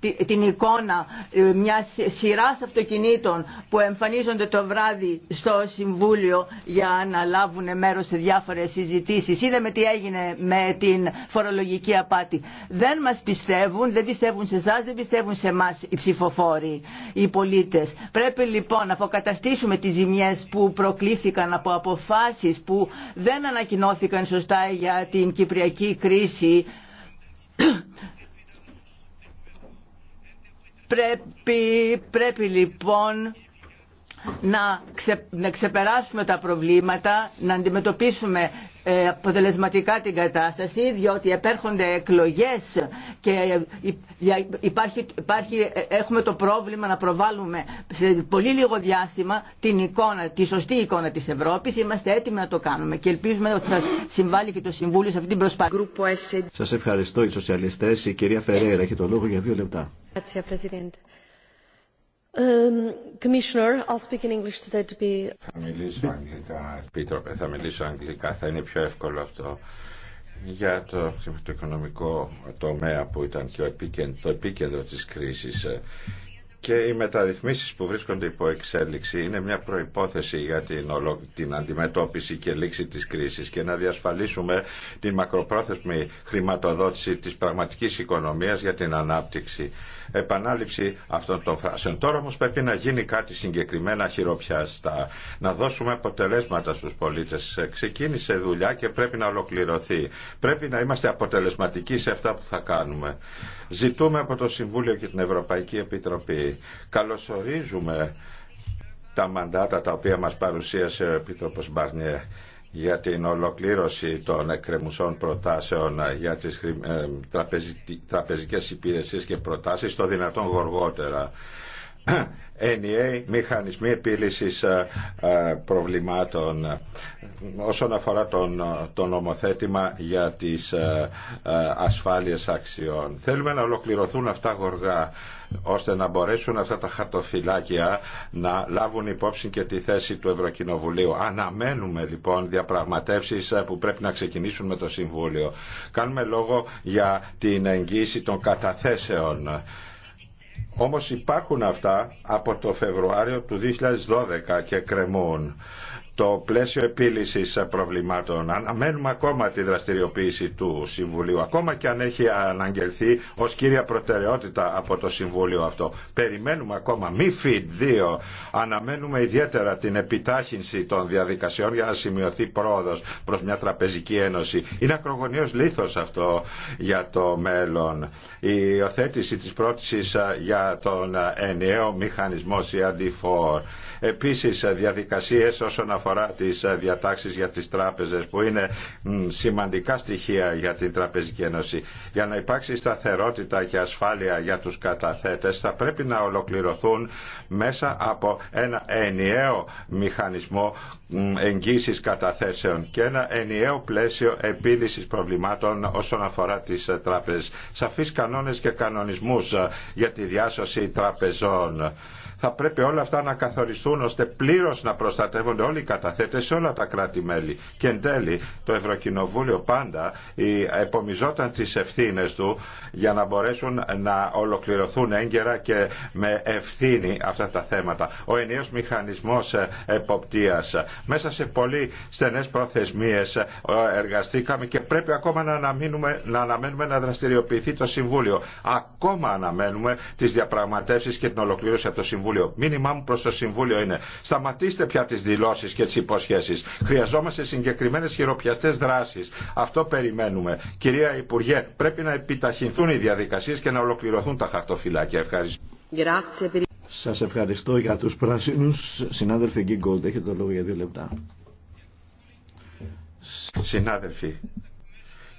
ε, ε, την εικόνα ε, μιας σειράς αυτοκινήτων που διαισθανθηκα ισως δεν καταλαβα καλα κυρια προεδρε εφτασε πλεον η στιγμη να προβάλλουμε μια άλλη εικόνα της Ευρώπης και όχι την, την εικόνα μιας σειρά αυτοκινήτων που εμφανίζονται το βράδυ στο Συμβούλιο για να λάβουν μέρος σε διάφορες συζητήσεις. Είδαμε τι έγινε με την φορολογική απάτη. Δεν μας πιστεύουν, δεν πιστεύουν σε εσά εσά δεν πιστεύουν σε εμά οι ψηφοφόροι, οι πολίτε. Πρέπει λοιπόν να αποκαταστήσουμε τι ζημιέ που προκλήθηκαν από αποφάσει που δεν ανακοινώθηκαν σωστά για την κυπριακή κρίση πρέπει, πρέπει λοιπόν να, να ξεπεράσουμε τα προβλήματα, να αντιμετωπίσουμε ε, αποτελεσματικά την κατάσταση, διότι επέρχονται εκλογές και ε, υπάρχει, υπάρχει, ε, έχουμε το πρόβλημα να προβάλλουμε σε πολύ λίγο διάστημα την εικόνα, τη σωστή εικόνα της Ευρώπης. Είμαστε έτοιμοι να το κάνουμε και ελπίζουμε ότι θα συμβάλλει και το Συμβούλιο σε αυτή την προσπάθεια. Σας ευχαριστώ οι σοσιαλιστές. Η κυρία Φερέρα έχει το λόγο για δύο λεπτά. Θα μιλήσω αγγλικά, θα μιλήσω θα είναι πιο εύκολο αυτό για το οικονομικό τομέα που ήταν και το επίκεντρο της κρίσης και οι μεταρρυθμίσεις που βρίσκονται υπό εξέλιξη είναι μια προϋπόθεση για την, την αντιμετώπιση και λήξη της κρίσης και να διασφαλίσουμε τη μακροπρόθεσμη χρηματοδότηση της πραγματικής οικονομίας για την ανάπτυξη. Επανάληψη αυτών των φράσεων. Τώρα όμως πρέπει να γίνει κάτι συγκεκριμένα χειροπιαστά, να δώσουμε αποτελέσματα στους πολίτες. Ξεκίνησε δουλειά και πρέπει να ολοκληρωθεί. Πρέπει να είμαστε αποτελεσματικοί σε αυτά που θα κάνουμε. Ζητούμε από το Συμβούλιο και την Ευρωπαϊκή Επιτροπή Καλωσορίζουμε τα μαντάτα τα οποία μας παρουσίασε ο Επίτροπος Μπαρνιέ για την ολοκλήρωση των εκκρεμουσών προτάσεων για τις ε, τραπεζικές υπηρεσίες και προτάσεις στο δυνατόν γοργότερα ενιαίοι e μηχανισμοί επίλυσης ε, ε, προβλημάτων ε, όσον αφορά τον, το νομοθέτημα για τις ασφάλειες αξιών. Θέλουμε να ολοκληρωθούν αυτά γοργά ώστε να μπορέσουν αυτά τα χαρτοφυλάκια να λάβουν υπόψη και τη θέση του Ευρωκοινοβουλίου. Αναμένουμε λοιπόν διαπραγματεύσεις που πρέπει να ξεκινήσουν με το Συμβούλιο. Κάνουμε λόγο για την εγγύηση των καταθέσεων όμως υπάρχουν αυτά από το Φεβρουάριο του 2012 και κρεμούν το πλαίσιο επίλυση προβλημάτων. Αναμένουμε ακόμα τη δραστηριοποίηση του Συμβουλίου, ακόμα και αν έχει αναγγελθεί ω κύρια προτεραιότητα από το Συμβούλιο αυτό. Περιμένουμε ακόμα μη 2. Αναμένουμε ιδιαίτερα την επιτάχυνση των διαδικασιών για να σημειωθεί πρόοδο προ μια τραπεζική ένωση. Είναι ακρογωνίω λίθος αυτό για το μέλλον. Η υιοθέτηση τη πρότηση για τον ενιαίο μηχανισμό CRD4. Επίση, διαδικασίε όσον αφορά αφορά τις ε, διατάξεις για τις τράπεζες που είναι σημαντικά στοιχεία για την Τραπεζική Ένωση. Για να υπάρξει σταθερότητα και ασφάλεια για τους καταθέτες θα πρέπει να ολοκληρωθούν μέσα από ένα ενιαίο μηχανισμό εγγύησης καταθέσεων και ένα ενιαίο πλαίσιο επίλυσης προβλημάτων όσον αφορά τις ε, τράπεζες. Σαφείς κανόνες και κανονισμούς ε, για τη διάσωση τραπεζών θα πρέπει όλα αυτά να καθοριστούν ώστε πλήρως να προστατεύονται όλοι οι καταθέτες σε όλα τα κράτη-μέλη. Και εν τέλει το Ευρωκοινοβούλιο πάντα επομιζόταν τις ευθύνες του για να μπορέσουν να ολοκληρωθούν έγκαιρα και με ευθύνη αυτά τα θέματα. Ο ενίος μηχανισμός ε, εποπτείας. Μέσα σε πολύ στενές προθεσμίες ε, εργαστήκαμε και πρέπει ακόμα να, να αναμένουμε να δραστηριοποιηθεί το Συμβούλιο. Ακόμα αναμένουμε τις διαπραγματεύσεις και την ολοκλήρωση από το Συμβούλιο Μήνυμά μου προ το Συμβούλιο είναι σταματήστε πια τι δηλώσει και τι υποσχέσει. Χρειαζόμαστε συγκεκριμένε χειροπιαστέ δράσει. Αυτό περιμένουμε. Κυρία Υπουργέ, πρέπει να επιταχυνθούν οι διαδικασίε και να ολοκληρωθούν τα χαρτοφυλάκια. Ευχαριστώ. Σα ευχαριστώ για του πράσινου. Συνάδελφε Γκίγκολτ, έχετε το λόγο για δύο λεπτά. Συνάδελφοι,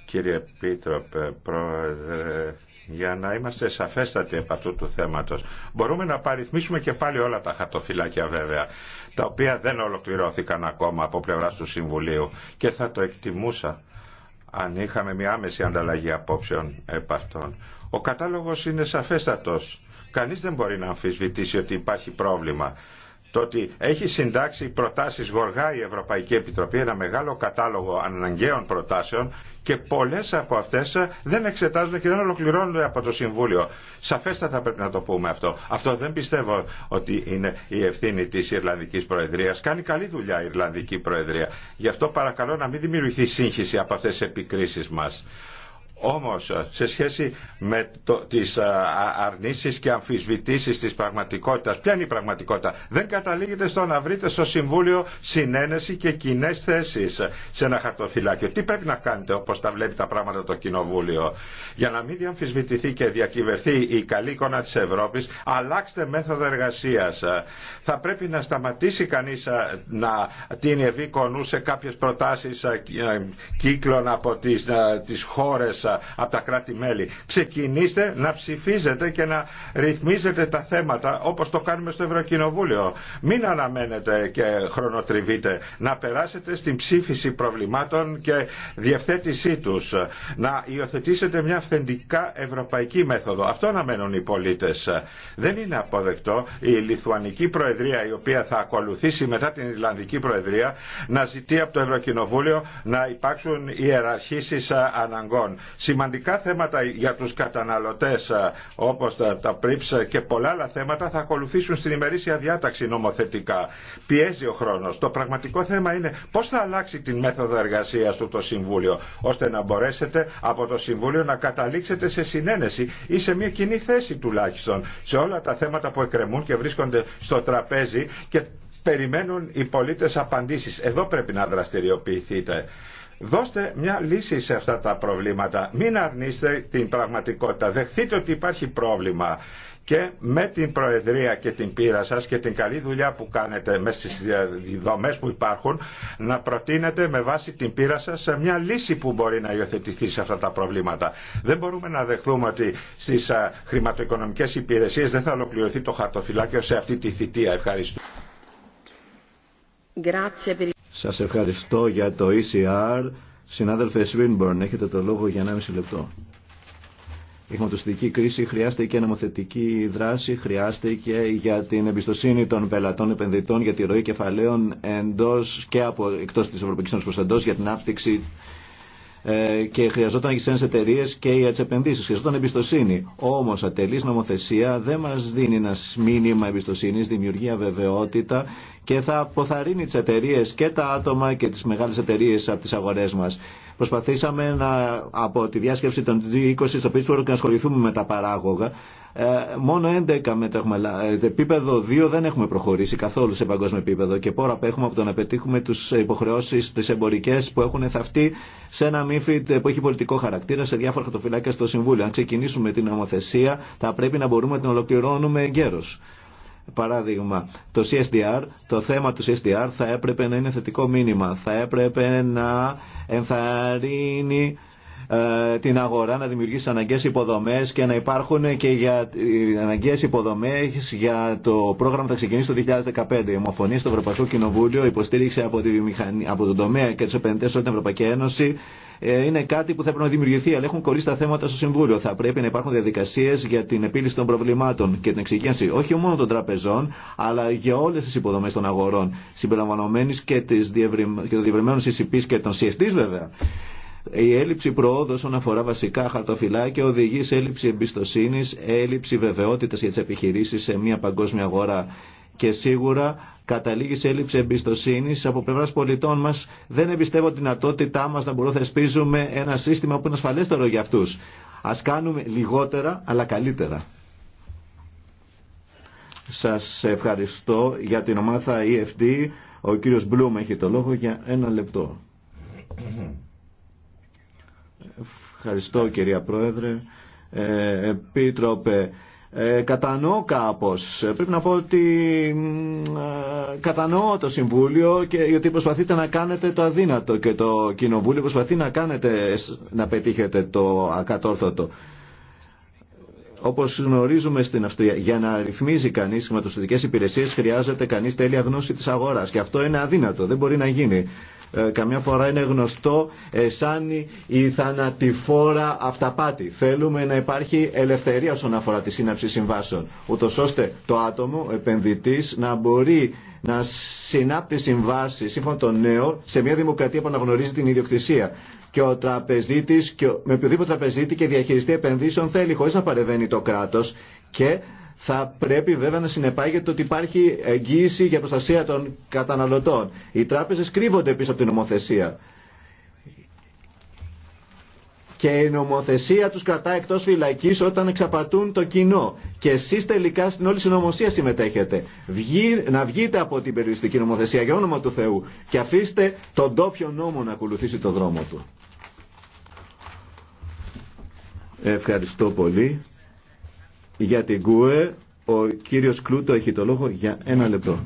κύριε Πίτροπε, πρόεδρε, για να είμαστε σαφέστατοι επ' αυτού του θέματος. Μπορούμε να παριθμίσουμε και πάλι όλα τα χαρτοφυλάκια βέβαια, τα οποία δεν ολοκληρώθηκαν ακόμα από πλευρά του Συμβουλίου και θα το εκτιμούσα αν είχαμε μια άμεση ανταλλαγή απόψεων επ' αυτών. Ο κατάλογος είναι σαφέστατος. Κανείς δεν μπορεί να αμφισβητήσει ότι υπάρχει πρόβλημα το ότι έχει συντάξει προτάσεις γοργά η Ευρωπαϊκή Επιτροπή, ένα μεγάλο κατάλογο αναγκαίων προτάσεων και πολλές από αυτές δεν εξετάζονται και δεν ολοκληρώνονται από το Συμβούλιο. Σαφέστατα πρέπει να το πούμε αυτό. Αυτό δεν πιστεύω ότι είναι η ευθύνη της Ιρλανδικής Προεδρίας. Κάνει καλή δουλειά η Ιρλανδική Προεδρία. Γι' αυτό παρακαλώ να μην δημιουργηθεί σύγχυση από αυτές τις επικρίσεις μας. Όμως σε σχέση με το, τις αρνήσεις και αμφισβητήσεις της πραγματικότητας, ποια είναι η πραγματικότητα, δεν καταλήγεται στο να βρείτε στο Συμβούλιο συνένεση και κοινέ θέσεις σε ένα χαρτοφυλάκιο. Τι πρέπει να κάνετε όπως τα βλέπει τα πράγματα το Κοινοβούλιο. Για να μην διαμφισβητηθεί και διακυβευτεί η καλή εικόνα της Ευρώπης, αλλάξτε μέθοδο εργασίας. Θα πρέπει να σταματήσει κανείς να την ευήκονού σε κάποιες προτάσεις κύκλων από τις, τις χώρες από τα κράτη-μέλη. Ξεκινήστε να ψηφίζετε και να ρυθμίζετε τα θέματα όπως το κάνουμε στο Ευρωκοινοβούλιο. Μην αναμένετε και χρονοτριβείτε. Να περάσετε στην ψήφιση προβλημάτων και διευθέτησή τους. Να υιοθετήσετε μια αυθεντικά ευρωπαϊκή μέθοδο. Αυτό αναμένουν οι πολίτες. Δεν είναι αποδεκτό η Λιθουανική Προεδρία η οποία θα ακολουθήσει μετά την Ιρλανδική Προεδρία να ζητεί από το Ευρωκοινοβούλιο να υπάρξουν ιεραρχήσεις αναγκών. Σημαντικά θέματα για τους καταναλωτές ε, όπως τα, τα και πολλά άλλα θέματα θα ακολουθήσουν στην ημερήσια διάταξη νομοθετικά. Πιέζει ο χρόνος. Το πραγματικό θέμα είναι πώς θα αλλάξει την μέθοδο εργασίας του το Συμβούλιο ώστε να μπορέσετε από το Συμβούλιο να καταλήξετε σε συνένεση ή σε μια κοινή θέση τουλάχιστον σε όλα τα θέματα που εκκρεμούν και βρίσκονται στο τραπέζι και περιμένουν οι πολίτες απαντήσεις. Εδώ πρέπει να δραστηριοποιηθείτε. Δώστε μια λύση σε αυτά τα προβλήματα. Μην αρνείστε την πραγματικότητα. Δεχτείτε ότι υπάρχει πρόβλημα και με την Προεδρία και την πείρα σα και την καλή δουλειά που κάνετε μέ στι δομέ που υπάρχουν, να προτείνετε με βάση την πείρα σα μια λύση που μπορεί να υιοθετηθεί σε αυτά τα προβλήματα. Δεν μπορούμε να δεχθούμε ότι στι χρηματοοικονομικέ υπηρεσίε δεν θα ολοκληρωθεί το χαρτοφυλάκιο σε αυτή τη θητεία. Ευχαριστώ. Σας ευχαριστώ για το ECR. Συνάδελφε Σβίνμπορν, έχετε το λόγο για 1,5 λεπτό. Η χρηματοστική κρίση χρειάζεται και νομοθετική δράση, χρειάζεται και για την εμπιστοσύνη των πελατών επενδυτών, για τη ροή κεφαλαίων εντός και από, εκτός της Ευρωπαϊκής Ένωσης προς για την άπτυξη ε, και χρειαζόταν για τι εταιρείε και για τι επενδύσει. Χρειαζόταν εμπιστοσύνη. Όμω, ατελή νομοθεσία δεν μα δίνει ένα μήνυμα εμπιστοσύνη, δημιουργεί αβεβαιότητα και θα αποθαρρύνει τι εταιρείε και τα άτομα και τι μεγάλε εταιρείε από τι αγορέ μα. Προσπαθήσαμε να, από τη διάσκεψη των 20 στο Pittsburgh να ασχοληθούμε με τα παράγωγα ε, μόνο 11 μετέχουμε, ε, επίπεδο 2 δεν έχουμε προχωρήσει καθόλου σε παγκόσμιο επίπεδο και πόρα έχουμε από το να πετύχουμε τι υποχρεώσει, τι εμπορικέ που έχουν θαυτεί σε ένα μύφιτ που έχει πολιτικό χαρακτήρα σε διάφορα χατοφυλάκια στο Συμβούλιο. Αν ξεκινήσουμε την νομοθεσία θα πρέπει να μπορούμε να την ολοκληρώνουμε εγκαίρω. Παράδειγμα, το CSDR, το θέμα του CSDR θα έπρεπε να είναι θετικό μήνυμα, θα έπρεπε να ενθαρρύνει ε, την αγορά να δημιουργήσει αναγκαίες υποδομές και να υπάρχουν και για ε, αναγκαίες υποδομές για το πρόγραμμα που θα ξεκινήσει το 2015. Η ομοφωνία στο Ευρωπαϊκό Κοινοβούλιο υποστήριξε από, τη μηχανή, από τον τομέα και τους επενδυτές όλη την Ευρωπαϊκή Ένωση ε, είναι κάτι που θα πρέπει να δημιουργηθεί, αλλά έχουν κολλήσει τα θέματα στο Συμβούλιο. Θα πρέπει να υπάρχουν διαδικασίε για την επίλυση των προβλημάτων και την εξηγήνση όχι μόνο των τραπεζών, αλλά για όλε τι υποδομέ των αγορών, συμπεριλαμβανομένη και, και των διευρυμένων CCP και των CSD βέβαια. Η έλλειψη προόδου όσον αφορά βασικά χαρτοφυλάκια οδηγεί σε έλλειψη εμπιστοσύνη, έλλειψη βεβαιότητα για τι επιχειρήσει σε μια παγκόσμια αγορά και σίγουρα καταλήγει σε έλλειψη εμπιστοσύνη από πλευρά πολιτών μα. Δεν εμπιστεύω τη δυνατότητά μα να μπορούμε να θεσπίζουμε ένα σύστημα που είναι ασφαλέστερο για αυτού. Α κάνουμε λιγότερα αλλά καλύτερα. Σα ευχαριστώ για την ομάδα EFD. Ο κύριος Μπλουμ έχει το λόγο για ένα λεπτό. Ευχαριστώ κυρία Πρόεδρε. Ε, επίτροπε, ε, κατανοώ κάπως. Πρέπει να πω ότι ε, κατανοώ το Συμβούλιο και, γιατί προσπαθείτε να κάνετε το αδύνατο και το Κοινοβούλιο προσπαθεί να, κάνετε, να πετύχετε το ακατόρθωτο. Όπως γνωρίζουμε στην Αυστρία, για να ρυθμίζει κανείς χρηματοστατικές υπηρεσίες χρειάζεται κανείς τέλεια γνώση της αγοράς και αυτό είναι αδύνατο, δεν μπορεί να γίνει. Ε, καμιά φορά είναι γνωστό ε, σαν η θανατηφόρα αυταπάτη. Θέλουμε να υπάρχει ελευθερία όσον αφορά τη σύναψη συμβάσεων, ούτω ώστε το άτομο, ο επενδυτής, να μπορεί να συνάπτει συμβάσει σύμφωνα των νέων σε μια δημοκρατία που αναγνωρίζει την ιδιοκτησία. Και ο τραπεζίτη, με οποιοδήποτε τραπεζίτη και διαχειριστή επενδύσεων θέλει, χωρί να παρεβαίνει το κράτο και θα πρέπει βέβαια να συνεπάγεται ότι υπάρχει εγγύηση για προστασία των καταναλωτών. Οι τράπεζες κρύβονται πίσω από την νομοθεσία. Και η νομοθεσία τους κρατά εκτός φυλακής όταν εξαπατούν το κοινό. Και εσείς τελικά στην όλη συνωμοσία συμμετέχετε. Βγει, να βγείτε από την περιοριστική νομοθεσία για όνομα του Θεού και αφήστε τον τόπιο νόμο να ακολουθήσει το δρόμο του. Ευχαριστώ πολύ. Για την ΚΟΕ, ο κύριος Κλούτο έχει το λόγο για ένα λεπτό.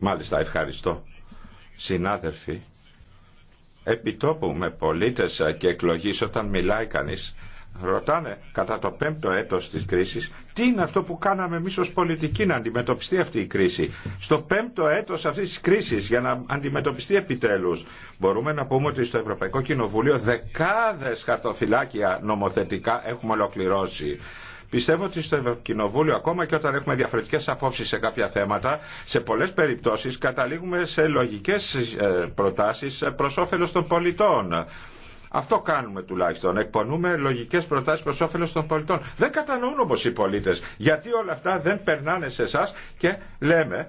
Μάλιστα, ευχαριστώ. Συνάδελφοι, επιτόπου με πολίτες και εκλογής όταν μιλάει κανείς, ρωτάνε κατά το πέμπτο έτος της κρίσης τι είναι αυτό που κάναμε εμείς ως πολιτικοί να αντιμετωπιστεί αυτή η κρίση. Στο πέμπτο έτος αυτής της κρίσης για να αντιμετωπιστεί επιτέλους μπορούμε να πούμε ότι στο Ευρωπαϊκό Κοινοβούλιο δεκάδες χαρτοφυλάκια νομοθετικά έχουμε ολοκληρώσει. Πιστεύω ότι στο Ευρωκοινοβούλιο, ακόμα και όταν έχουμε διαφορετικέ απόψει σε κάποια θέματα, σε πολλέ περιπτώσει καταλήγουμε σε λογικέ ε, προτάσει προ όφελο των πολιτών. Αυτό κάνουμε τουλάχιστον. Εκπονούμε λογικέ προτάσει προ όφελο των πολιτών. Δεν κατανοούν όμω οι πολίτε γιατί όλα αυτά δεν περνάνε σε εσά και λέμε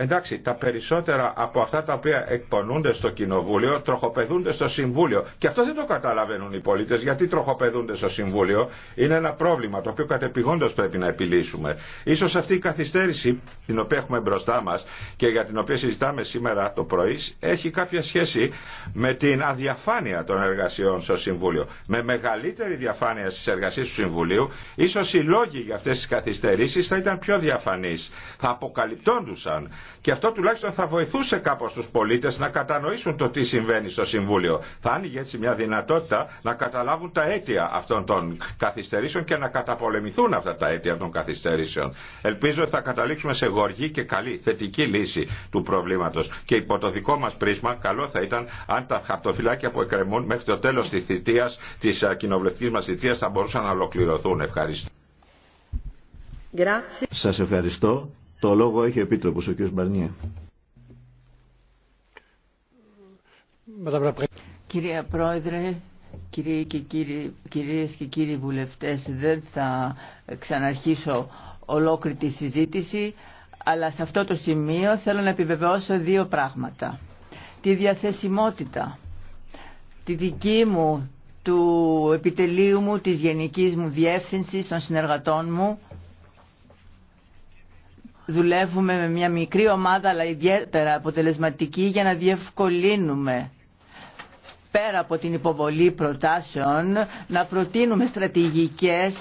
Εντάξει, τα περισσότερα από αυτά τα οποία εκπονούνται στο Κοινοβούλιο τροχοπεδούνται στο Συμβούλιο. Και αυτό δεν το καταλαβαίνουν οι πολίτε. Γιατί τροχοπεδούνται στο Συμβούλιο. Είναι ένα πρόβλημα το οποίο κατεπηγόντω πρέπει να επιλύσουμε. σω αυτή η καθυστέρηση την οποία έχουμε μπροστά μα και για την οποία συζητάμε σήμερα το πρωί έχει κάποια σχέση με την αδιαφάνεια των εργασιών στο Συμβούλιο. Με μεγαλύτερη διαφάνεια στι εργασίε του Συμβουλίου, ίσω οι λόγοι για αυτέ τι καθυστερήσει θα ήταν πιο διαφανεί. Θα αποκαλυπτόντουσαν και αυτό τουλάχιστον θα βοηθούσε κάπω του πολίτε να κατανοήσουν το τι συμβαίνει στο Συμβούλιο. Θα άνοιγε έτσι μια δυνατότητα να καταλάβουν τα αίτια αυτών των καθυστερήσεων και να καταπολεμηθούν αυτά τα αίτια των καθυστερήσεων. Ελπίζω ότι θα καταλήξουμε σε γοργή και καλή θετική λύση του προβλήματο. Και υπό το δικό μα πρίσμα καλό θα ήταν αν τα χαρτοφυλάκια που εκκρεμούν μέχρι το τέλο τη θητεία, τη κοινοβουλευτική μας θητείας θα μπορούσαν να ολοκληρωθούν. Ευχαριστώ. Σα ευχαριστώ. Το λόγο έχει Επίτροπος, ο κ. Μπαρνιέ. Κυρία Πρόεδρε, κύριε και κύριοι, κυρίες και κύριοι βουλευτές, δεν θα ξαναρχίσω ολόκληρη τη συζήτηση, αλλά σε αυτό το σημείο θέλω να επιβεβαιώσω δύο πράγματα. Τη διαθεσιμότητα, τη δική μου, του επιτελείου μου, της γενικής μου διεύθυνσης, των συνεργατών μου, δουλεύουμε με μια μικρή ομάδα αλλά ιδιαίτερα αποτελεσματική για να διευκολύνουμε πέρα από την υποβολή προτάσεων να προτείνουμε στρατηγικές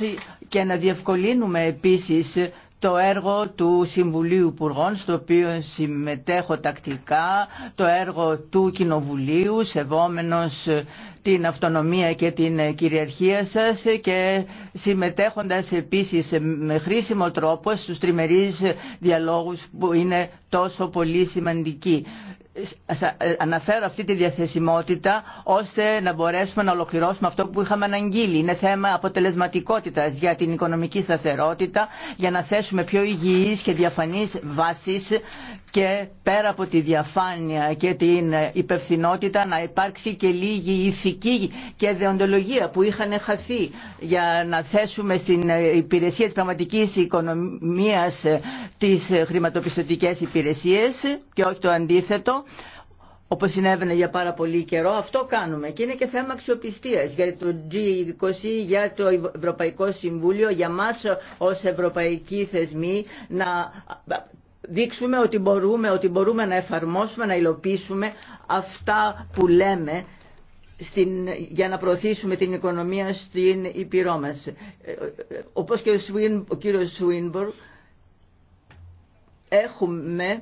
και να διευκολύνουμε επίσης το έργο του Συμβουλίου Υπουργών, στο οποίο συμμετέχω τακτικά, το έργο του Κοινοβουλίου, σεβόμενος την αυτονομία και την κυριαρχία σας και συμμετέχοντας επίσης με χρήσιμο τρόπο στους τριμερείς διαλόγους που είναι τόσο πολύ σημαντικοί. Ε, αναφέρω αυτή τη διαθεσιμότητα ώστε να μπορέσουμε να ολοκληρώσουμε αυτό που είχαμε αναγγείλει. Είναι θέμα αποτελεσματικότητας για την οικονομική σταθερότητα, για να θέσουμε πιο υγιείς και διαφανείς βάσεις και πέρα από τη διαφάνεια και την υπευθυνότητα να υπάρξει και λίγη ηθική και δεοντολογία που είχαν χαθεί για να θέσουμε στην υπηρεσία της πραγματικής οικονομίας τις χρηματοπιστωτικές υπηρεσίες και όχι το αντίθετο όπως συνέβαινε για πάρα πολύ καιρό, αυτό κάνουμε και είναι και θέμα αξιοπιστίας για το G20, για το Ευρωπαϊκό Συμβούλιο, για μας ως ευρωπαϊκοί θεσμοί να δείξουμε ότι μπορούμε, ότι μπορούμε να εφαρμόσουμε, να υλοποιήσουμε αυτά που λέμε στην, για να προωθήσουμε την οικονομία στην Ήπειρό μας. Ε, ε, ε, όπως και ο, Σουίν, ο κύριος Σουίνμπορ, έχουμε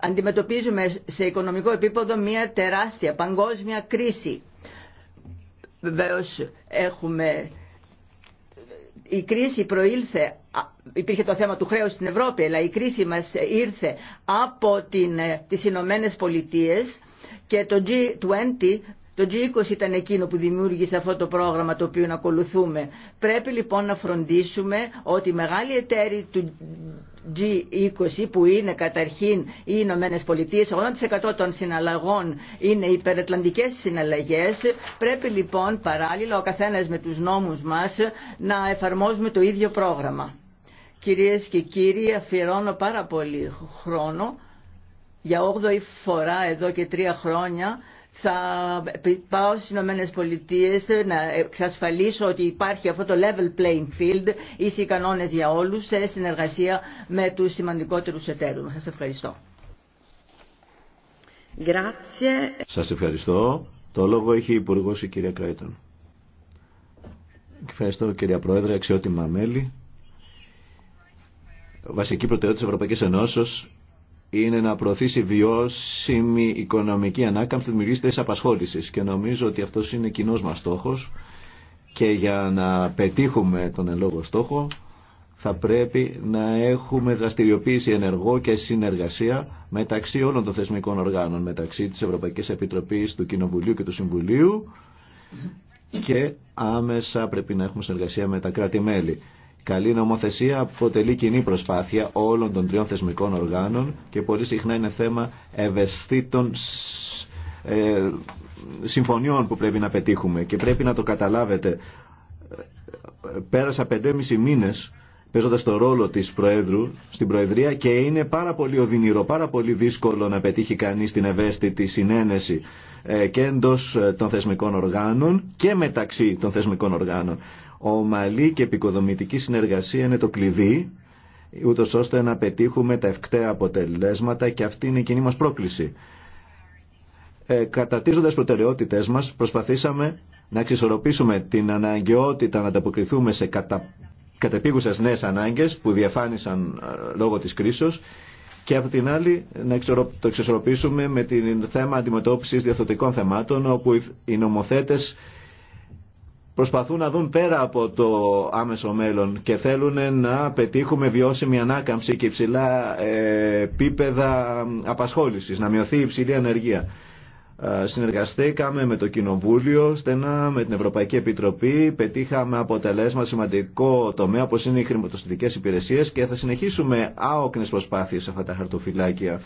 αντιμετωπίζουμε σε οικονομικό επίπεδο μια τεράστια παγκόσμια κρίση. Βεβαίω, έχουμε... Η κρίση προήλθε, υπήρχε το θέμα του χρέους στην Ευρώπη, αλλά η κρίση μας ήρθε από την, ε, τις Ηνωμένε Πολιτείες και το G20 το G20 ήταν εκείνο που δημιούργησε αυτό το πρόγραμμα το οποίο να ακολουθούμε. Πρέπει λοιπόν να φροντίσουμε ότι οι μεγάλοι εταίροι του G20 που είναι καταρχήν οι Ηνωμένε Πολιτείε, 80% των συναλλαγών είναι υπερατλαντικές συναλλαγές. Πρέπει λοιπόν παράλληλα ο καθένα με τους νόμους μας να εφαρμόζουμε το ίδιο πρόγραμμα. Κυρίε και κύριοι, αφιερώνω πάρα πολύ χρόνο για 8 φορά εδώ και τρία χρόνια θα πάω στι Ηνωμένε Πολιτείε να εξασφαλίσω ότι υπάρχει αυτό το level playing field, ίσοι κανόνε για όλου, σε συνεργασία με του σημαντικότερου εταίρου. Σα ευχαριστώ. Σα ευχαριστώ. Το λόγο έχει η Υπουργό η κυρία Κράιτον. Ευχαριστώ κυρία Πρόεδρε, αξιότιμα μέλη. Βασική προτεραιότητα τη Ευρωπαϊκή Ενώσεω είναι να προωθήσει βιώσιμη οικονομική ανάκαμψη, δημιουργήσει της απασχόλησης Και νομίζω ότι αυτός είναι κοινό μας στόχος Και για να πετύχουμε τον ελόγο στόχο, θα πρέπει να έχουμε δραστηριοποίηση ενεργό και συνεργασία μεταξύ όλων των θεσμικών οργάνων, μεταξύ της Ευρωπαϊκής Επιτροπής, του Κοινοβουλίου και του Συμβουλίου και άμεσα πρέπει να έχουμε συνεργασία με τα κράτη-μέλη. Καλή νομοθεσία αποτελεί κοινή προσπάθεια όλων των τριών θεσμικών οργάνων και πολύ συχνά είναι θέμα ευαισθητών ε, συμφωνιών που πρέπει να πετύχουμε και πρέπει να το καταλάβετε. Πέρασα 5,5 μήνες παίζοντα το ρόλο της Προέδρου στην Προεδρία και είναι πάρα πολύ οδυνηρό, πάρα πολύ δύσκολο να πετύχει κανεί την ευαίσθητη συνένεση ε, και εντό των θεσμικών οργάνων και μεταξύ των θεσμικών οργάνων. Ομαλή και επικοδομητική συνεργασία είναι το κλειδί, ούτω ώστε να πετύχουμε τα ευκταία αποτελέσματα και αυτή είναι η κοινή μα πρόκληση. Ε, καταρτίζοντας προτεραιότητες μας, προσπαθήσαμε να εξισορροπήσουμε την αναγκαιότητα να ανταποκριθούμε σε κατα... κατεπίγουσες νέες ανάγκες που διαφάνησαν ε, λόγω της κρίσης και από την άλλη να το εξισορροπήσουμε με την θέμα αντιμετώπισης διαθωτικών θεμάτων όπου οι νομοθέτες προσπαθούν να δουν πέρα από το άμεσο μέλλον και θέλουν να πετύχουμε βιώσιμη ανάκαμψη και υψηλά ε, επίπεδα απασχόλησης, να μειωθεί η υψηλή ανεργία. Ε, συνεργαστήκαμε με το Κοινοβούλιο, στενά με την Ευρωπαϊκή Επιτροπή, πετύχαμε αποτελέσμα σημαντικό τομέα όπως είναι οι χρηματοστητικές υπηρεσίες και θα συνεχίσουμε άοκνες προσπάθειες σε αυτά τα χαρτοφυλάκια.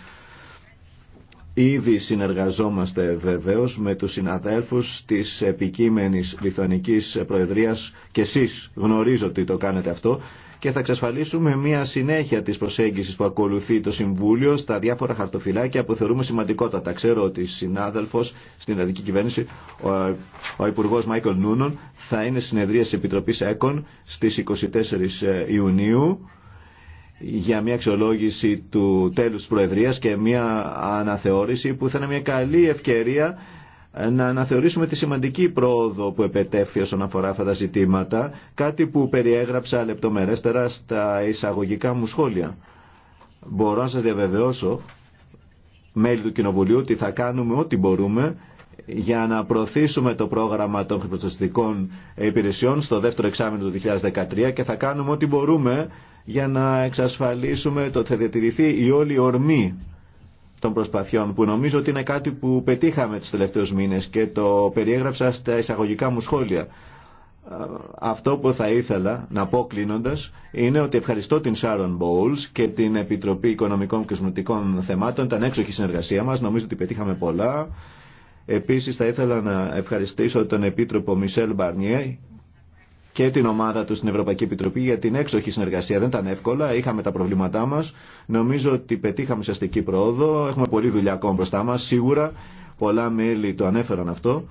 Ήδη συνεργαζόμαστε βεβαίως με τους συναδέλφους της επικείμενης Λιθουανικής Προεδρίας και εσείς γνωρίζω ότι το κάνετε αυτό και θα εξασφαλίσουμε μια συνέχεια της προσέγγισης που ακολουθεί το Συμβούλιο στα διάφορα χαρτοφυλάκια που θεωρούμε σημαντικότατα. Ξέρω ότι συνάδελφος στην ελληνική κυβέρνηση, ο, ο Υπουργός Μάικλ θα είναι συνεδρία της Επιτροπής ΕΚΟΝ στις 24 ε, Ιουνίου για μια αξιολόγηση του τέλους της Προεδρίας και μια αναθεώρηση που θα είναι μια καλή ευκαιρία να αναθεωρήσουμε τη σημαντική πρόοδο που επετεύχθη όσον αφορά αυτά τα ζητήματα, κάτι που περιέγραψα λεπτομερέστερα στα εισαγωγικά μου σχόλια. Μπορώ να σας διαβεβαιώσω, μέλη του Κοινοβουλίου, ότι θα κάνουμε ό,τι μπορούμε για να προωθήσουμε το πρόγραμμα των χρηματοστατικών υπηρεσιών στο δεύτερο εξάμεινο του 2013 και θα κάνουμε ό,τι μπορούμε για να εξασφαλίσουμε το ότι θα διατηρηθεί η όλη ορμή των προσπαθειών που νομίζω ότι είναι κάτι που πετύχαμε τους τελευταίους μήνες και το περιέγραψα στα εισαγωγικά μου σχόλια. Αυτό που θα ήθελα να πω κλείνοντας είναι ότι ευχαριστώ την Sharon Bowles και την Επιτροπή Οικονομικών και Σμουτικών Θεμάτων. Ήταν έξοχη συνεργασία μας, νομίζω ότι πετύχαμε πολλά. Επίσης θα ήθελα να ευχαριστήσω τον Επίτροπο Μισελ Μπαρνιέ και την ομάδα του στην Ευρωπαϊκή Επιτροπή για την έξοχη συνεργασία. Δεν ήταν εύκολα, είχαμε τα προβλήματά μα. Νομίζω ότι πετύχαμε ουσιαστική πρόοδο. Έχουμε πολλή δουλειά ακόμα μπροστά μα, σίγουρα. Πολλά μέλη το ανέφεραν αυτό.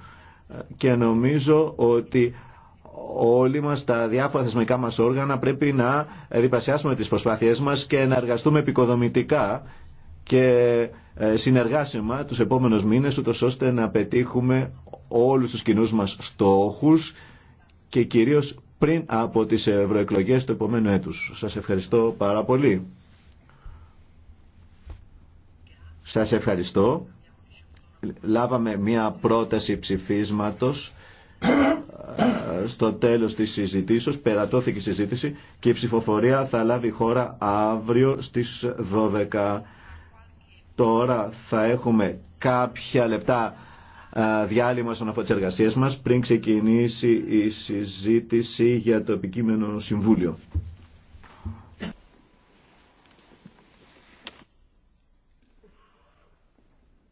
Και νομίζω ότι όλοι μας τα διάφορα θεσμικά μας όργανα πρέπει να διπλασιάσουμε τις προσπάθειές μας και να εργαστούμε επικοδομητικά και ε, συνεργάσιμα τους επόμενους μήνες ούτως ώστε να πετύχουμε όλους τους κοινού μας στόχους και κυρίως πριν από τις ευρωεκλογές του επόμενου έτους. Σας ευχαριστώ πάρα πολύ. Σας ευχαριστώ. Λάβαμε μία πρόταση ψηφίσματος ε, στο τέλος της συζητήσεως, περατώθηκε η συζήτηση και η ψηφοφορία θα λάβει χώρα αύριο στις 12. Τώρα θα έχουμε κάποια λεπτά διάλειμμα στον αφορά τη εργασία μα πριν ξεκινήσει η συζήτηση για το επικείμενο συμβούλιο.